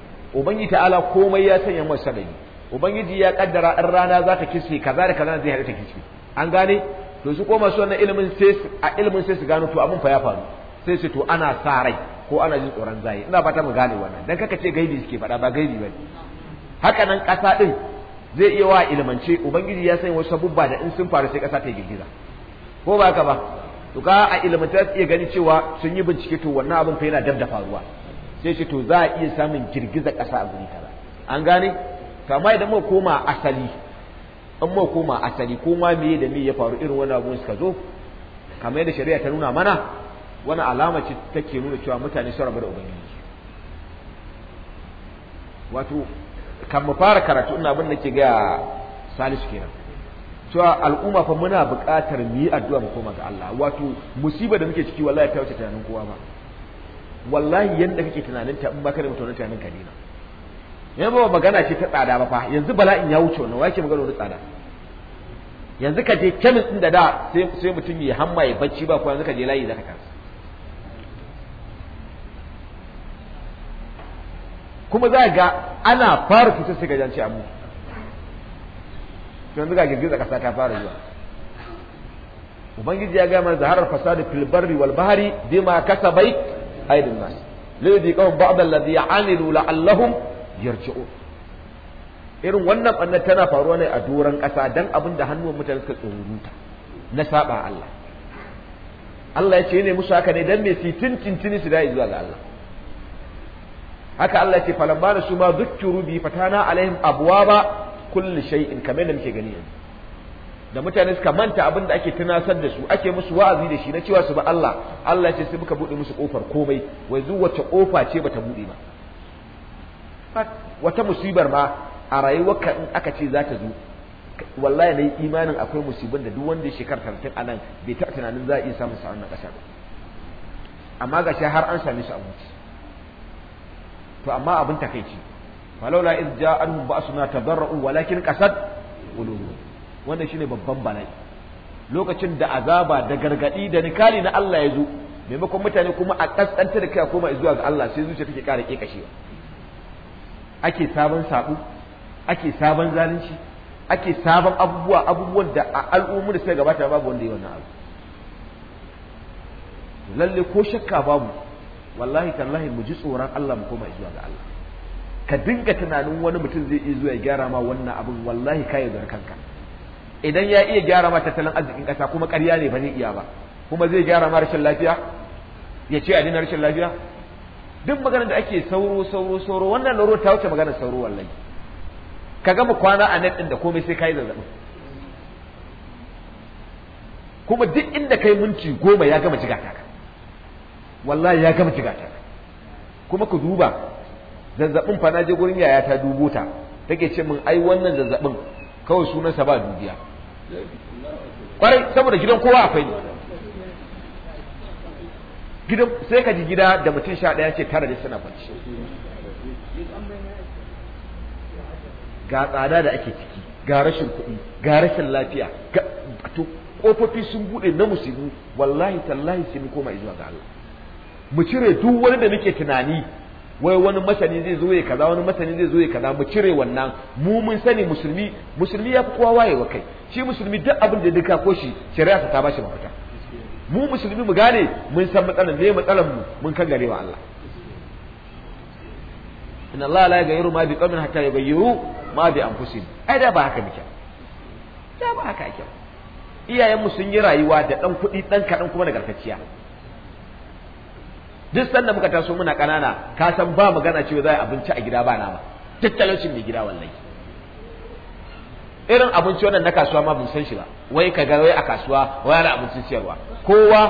ta ta'ala komai ya sanya masa sadari ubangiji ya kaddara dan rana za ta kaza da kaza zai haɗu ta kisfe an gane to su koma su wannan ilimin sai a ilimin sai su gano to abin fa ya faru sai su to ana sa rai ko ana jin tsoron zaye ina fata mu gane wannan dan kaka ce gaibi suke faɗa ba gaibi bane haka nan ƙasa din zai iya wa ilmance ubangiji ya sanya wasu bubba da in sun faru sai ƙasa ta girgiza ko ba haka ba to ka a ilmanta iya gani cewa sun yi bincike to wannan abin fa yana dab da faruwa sai ce to za a iya samun girgiza ƙasa a guri kaza an gane kama idan mu koma asali an mu koma asali ko ma meye da meye ya faru irin wannan abun suka zo kamar yadda shari'a ta nuna mana wani alama ce take nuna cewa mutane sun rabu da ubangiji wato kan mu fara karatu ina abin da ke ga salisu kenan cewa al'umma fa muna buƙatar mu yi addu'a mu koma ga Allah wato musiba da muke ciki wallahi ta wuce tunanin kowa ba wallahi yadda kake tunanin ta in ba ka da mutunan tunanin ka dina yanzu ba magana ce ta tsada ba fa yanzu bala'in ya wuce wannan wake magana wani tsada yanzu ka je kemis din da da sai mutum ya hamma ya bacci ba ko yanzu ka je layi zaka kansa kuma za ga ana fara fitar sai ga janci To yanzu ga girgiza kasa ta fara zuwa ubangiji ya gaya mana zaharar fasadi fil barri wal bahri bima kasabai aidin nas lilziqahum ba'd alladhi amilu la'allahum yarji'un irin wannan bannan tana faruwa ne a doran ƙasa dan abin da hannuwan mutane suka tsoruta na a Allah Allah ya ce ne musu haka ne dan me su tintintini su dai zuwa ga Allah haka Allah ya ce falamma su ma zukkiru bi fatana alaihim abwaba kulli shay'in kamar da muke gani yanzu da mutane suka manta abin da ake tunasar da su ake musu wa'azi da shi na cewa su ba Allah Allah ce sai muka buɗe musu kofar komai wai zuwa wacce kofa ce bata buɗe ba wata musibar ma a rayuwarka in aka ce za ta zo wallahi nayi imanin akwai musibin da duk wanda ya shekar a anan bai taɓa tunanin za a iya samun sa'an na ƙasa ba amma ga shi har an same su a abinci to amma abin takeici falaula iz ja'anhum ba'suna tadarru walakin qasad qulubuhum wannan shine babban bala'i lokacin da azaba da gargadi da nikali na Allah ya zo maimakon mutane kuma a kaskanta da kai koma zuwa ga Allah sai zuciya take kara kekashewa ake sabon sabu ake sabon zalunci ake sabon abubuwa abubuwan da a al'ummu da suka gabata babu wanda ya wannan abu lalle ko shakka babu wallahi tallahi mu ji tsoron Allah mu koma zuwa ga Allah ka dinga tunanin wani mutum zai iya zuwa ya gyara ma wannan abin wallahi ka yaudar kanka idan ya iya gyara ma tattalin arzikin ƙasa kuma ƙarya ne ba zai iya ba kuma zai gyara ma rashin lafiya ya ce a rashin lafiya duk maganar da ake sauro sauro sauro wannan lauro ta wuce maganar sauro wallahi ka gama kwana a nan da komai sai kai zazzabi kuma duk inda kai minti goma ya gama jigata ka wallahi ya gama jigata ka kuma ku duba zazzabin fa na je gurin yaya ta dubo ta take ce min ai wannan zazzabin kawai sunansa ba dubiya kwarai saboda gidan kowa akwai gidan sai ka ji gida da mutum sha ɗaya ce tara da suna bacci ga tsada da ake ciki ga rashin kuɗi ga rashin lafiya to kofofi sun buɗe na musibu wallahi tallahi sai mu koma zuwa ga Allah mu cire duk wani da nake tunani wai wani masani zai zo ya kaza wani masani zai zo ya kaza mu cire wannan mu mun sani musulmi musulmi ya fi kowa wayewa kai shi musulmi duk abin da duka ko shi shari'a ta bashi mafita mu musulmi mu gane mun san matsalan me matsalan mu mun kan gare wa Allah inna Allah la yaghayyiru ma bi qawmin hatta yaghayyiru ma bi anfusihim ai da ba haka muke da ba haka ake iyayen mu sun yi rayuwa da dan kuɗi dan kaɗan kuma da gargaciya duk sanda muka taso muna kanana ka san ba magana cewa za a abinci a gida ba na ba. tattalocin mai gida wallahi irin abinci wannan na kasuwa ma bin san shi ba wai ka ga wai a kasuwa wai ana abincin siyarwa kowa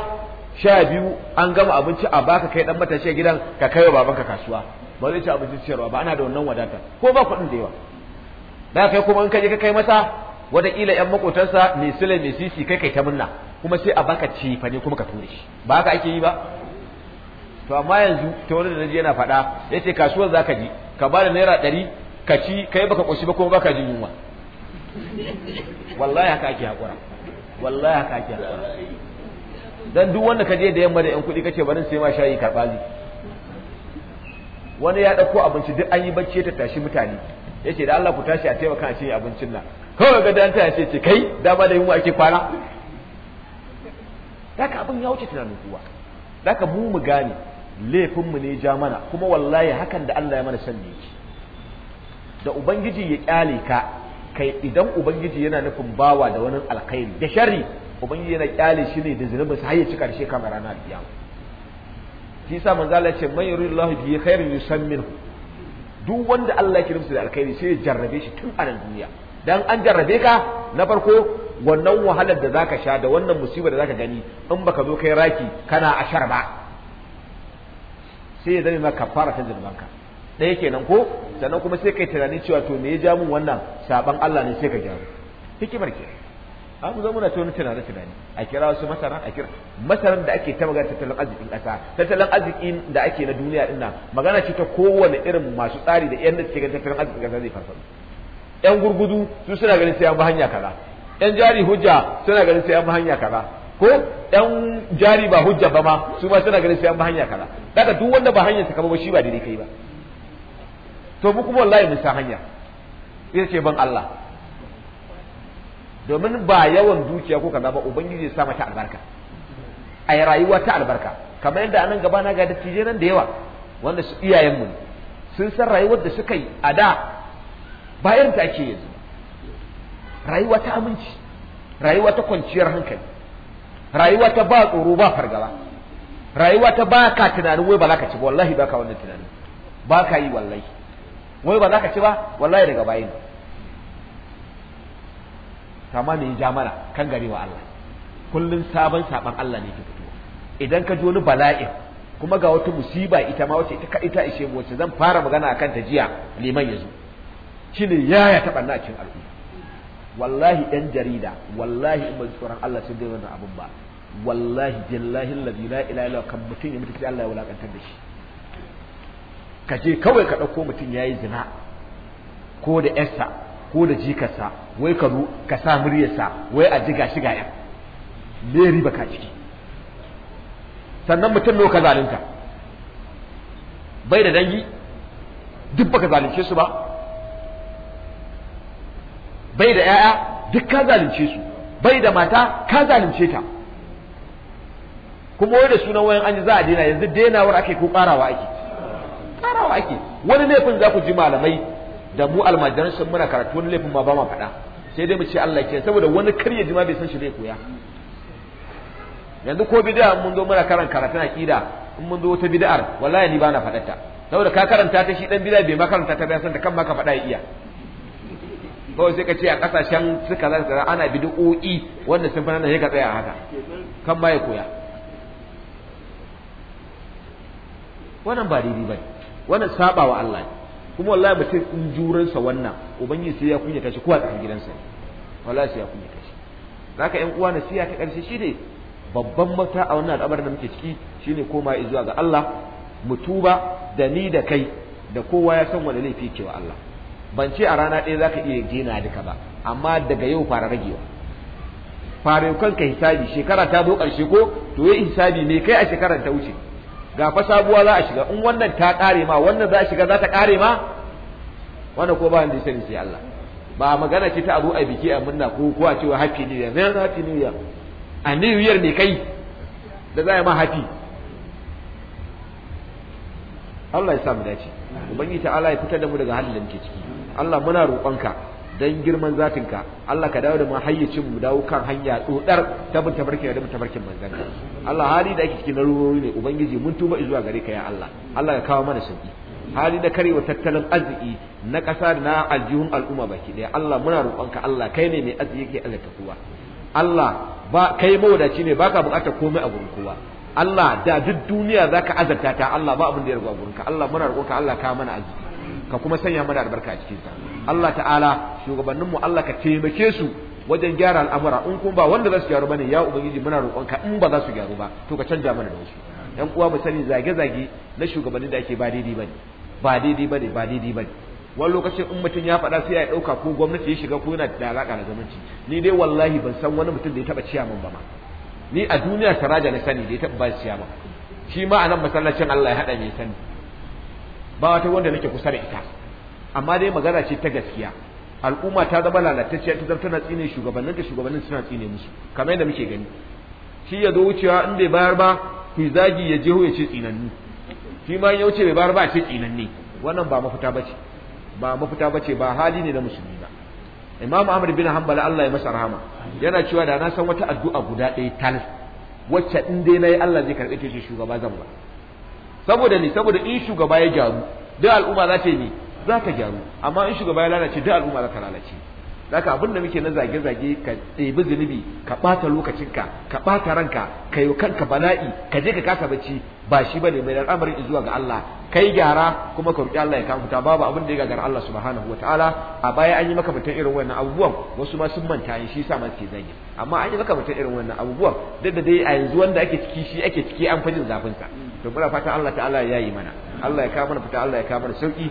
sha biyu an gama abinci a baka kai dan matashi gidan ka kai wa babanka kasuwa ba zai ci abincin siyarwa ba ana da wannan wadata ko ba kuɗin da yawa da kai kuma in ka je ka kai masa kila ‘yan makotansa mai sile mai sisi kai kai ta munna kuma sai a baka ci ne kuma ka ture shi ba haka ake yi ba to amma yanzu ta wani da naji yana faɗa ya ce kasuwar za ka ji ka ba da naira ɗari ka ci kai baka ƙoshi ba kuma baka jin yunwa wallahi haka ake haƙura wallahi haka ake haƙura dan duk wanda ka je da yamma da yan kuɗi kace barin sai ma shayi karɓa zai wani ya ɗauko abinci duk an yi bacci ta tashi mutane ya ce da Allah ku tashi a taimaka a ce abincin nan kawai ga dan ta ce ce kai dama da yunwa ake kwana haka abin ya wuce tunanin kowa haka mu mu gane laifinmu ne ja mana kuma wallahi hakan da Allah ya mana san ne da ubangiji ya kyale ka kai idan ubangiji yana nufin bawa da wani alkhairi da sharri ubangiji yana kyale shi ne da zunubin sa har ya ci karshe kamar ranar kiyama shi yasa manzo Allah ya ce man yuridullahu bihi khairan duk wanda Allah ya kirimsa da alkhairi sai ya jarrabe shi tun a nan duniya dan an jarrabe ka na farko wannan wahalar da zaka sha da wannan musibar da zaka gani in baka zo kai raki kana ashar ba sai ya zame ma kafara ta zunubanka ɗaya kenan ko sannan kuma sai kai tunanin cewa to me ya ja mun wannan saban Allah ne sai ka gyaru hikimar ke an zo muna na wani tunani tunani a kira wasu masara a kira masaran da ake ta magana tattalin arzikin ƙasa tattalin arzikin da ake na duniya din nan magana ce ta kowane irin masu tsari da yan ke suke ganin tattalin arzikin ƙasa zai farfaɗo yan gurgudu su suna ganin sai an bi hanya kaza yan jari hujja suna ganin sai an bi hanya kaza ko ɗan jari ba hujja ba ma su ma suna ganin sai an ba hanya kaza daga duk wanda ba hanyar ka ba shi ba daidai kai ba to mu kuma wallahi mun san hanya ita ce ban Allah domin ba yawan dukiya ko kaza ba ubangiji ya sa mata albarka a rayuwa ta albarka kamar yadda anan gaba na ga dattijai nan da yawa wanda su iyayen mu sun san rayuwar da suka yi a da bayan ta ake yanzu rayuwa ta aminci rayuwa ta kwanciyar hankali rayuwa ta ba tsoro ba fargaba rayuwa ta ba ka tunanin wai ba za ka ci ba wallahi ba ka wannan tunanin ba ka yi wallahi wai ba za ka ci ba wallahi daga bayin kama ne ya ja mana kan gare wa Allah kullun sabon sabon Allah ne ke fito idan ka ji wani bala'in kuma ga wata musiba ita ma wace ita ita ishe mu wace zan fara magana akan ta jiya liman yazo shine yaya ta banna cikin al'umma wallahi ɗan jarida wallahi in ban tsoron Allah sun dai wannan abin ba wallahi billahi allazi la ilaha kan mutum ya mutu sai Allah ya wulakantar da shi ka je kawai ka ɗauko mutum yayi zina ko da yarsa ko da jikarsa wai ka ka sa muryarsa wai a jiga ga yan me riba ka ciki sannan mutum ne ka zalunta bai da dangi duk baka zalunce su ba bai da 'ya'ya duk ka zalunce su bai da mata ka zalunce ta kuma wai da sunan wayan an ji za a daina yanzu denawar ake ko karawa ake karawa ake wani laifin za ku ji malamai da mu almajiran sun muna karatu wani laifin ma ba ma faɗa sai dai mu ce Allah ke saboda wani karya jima bai san shi zai koya yanzu ko bid'a mun zo muna karan na kida in mun zo wata bid'ar wallahi ni na faɗa ta saboda ka karanta ta shi dan bid'a bai ma karanta ta bai san da kan ma ka faɗa iya kawai sai ka ce a kasashen suka zaka ana bid'o'i wanda sun fara nan sai ka tsaya haka kan ma ya koya wannan ba daidai bane wannan saba Allah ne kuma wallahi mutum in juransa wannan ubangiji sai ya kunyata shi ko a tsakan gidansa wallahi sai ya kunya shi zaka yan uwa nasiha ta karshe shine babban mata a wannan al'amarin da muke ciki shine koma zuwa ga Allah mutuba da ni da kai da kowa ya san wani laifi cewa Allah ban ce a rana ɗaya zaka iya jina duka ba amma daga yau fara ragewa fara kanka hisabi shekara ta zo ƙarshe ko to yi hisabi ne kai a shekarar ta wuce ga fa sabuwa za a shiga in wannan ta kare ma wannan za a shiga za ta kare ma wannan ko ba wanda ya sani sai Allah ba magana ce ta abu a biki a munna ko kuwa cewa happy new year ne happy new year a new year ne kai da za a yi ma happy Allah ya samu dace ubangiji ta'ala ya fitar da mu daga halin da muke ciki Allah muna roƙonka dan girman zatinka Allah ka dawo da mu hayyacin mu dawo kan hanya tsodar ta bin tabarkin da bin tabarkin manzanka Allah hali da yake cikin larurori ne ubangiji mun tuba zuwa gare ka ya Allah Allah ka kawo mana sauki hali da karewa tattalin arziki na ƙasa da na aljihun al'umma baki ɗaya Allah muna roƙonka Allah kai ne mai arziki yake ta kuwa Allah ba kai mawadaci ne baka buƙatar komai a gurin kowa Allah da duk duniya zaka azarta ta Allah ba abin da ya rubuta gurinka Allah muna roƙonka Allah ka mana arziki ka kuma sanya mana albarka a cikin sa Allah ta'ala shugabannin mu Allah ka taimake su wajen gyara al'amura in kuma ba wanda za su gyaru bane ya ubangiji muna ka in ba za su gyaru ba to ka canja mana da wasu yan uwa mu sani zage-zage na shugabannin da ake ba daidai bane ba daidai bane ba daidai bane wani lokacin in mutum ya faɗa sai ya ɗauka ko gwamnati ya shiga ko yana da alaƙa da gwamnati ni dai wallahi ban san wani mutum da ya taɓa ciyaman ba ma ni a duniya saraja na sani da ya taɓa ba shi ma a nan masallacin Allah ya haɗa mai sani ba wata wanda nake kusa da ita amma dai magana ce ta gaskiya al'umma ta zama lalatacciya ta zama na tsine shugabannin ta shugabannin suna tsine musu kamar yadda muke gani shi ya zo wucewa in bai bayar ba ku zagi ya jeho ya ce tsinanni shi ma ya wuce bai bayar ba a ce tsinanni wannan ba mafita ba ce. ba mafita ba ce ba hali ne na musulmi ba Imam Ahmad bin Hanbal Allah ya masa rahama yana cewa da na san wata addu'a guda ɗaya tal wacce in dai nayi Allah zai karɓe ta shugaba zan ba saboda ni saboda in shugaba ya gyaru duk al'umma za ta yi za ka gyaru amma in shugaba ya lalace duk al'umma za ta lalace zaka abin da muke na zage-zage ka ɗebi zunubi ka ɓata lokacinka ka ɓata ranka ka yi kanka bala'i ka je ka kasa bacci ba shi bane mai al'amarin zuwa ga Allah kai gyara kuma ka roki Allah ya kamfuta babu abin da ya gagara Allah subhanahu wataala a baya an yi maka mutan irin wannan abubuwan wasu ma sun manta shi sa ma suke zage amma an yi maka mutan irin wannan abubuwan duk da dai a yanzu wanda ake ciki shi ake ciki an fajin zafin sa to muna fatan Allah ta'ala ya yi mana Allah ya kawo mana fita Allah ya kawo mana sauki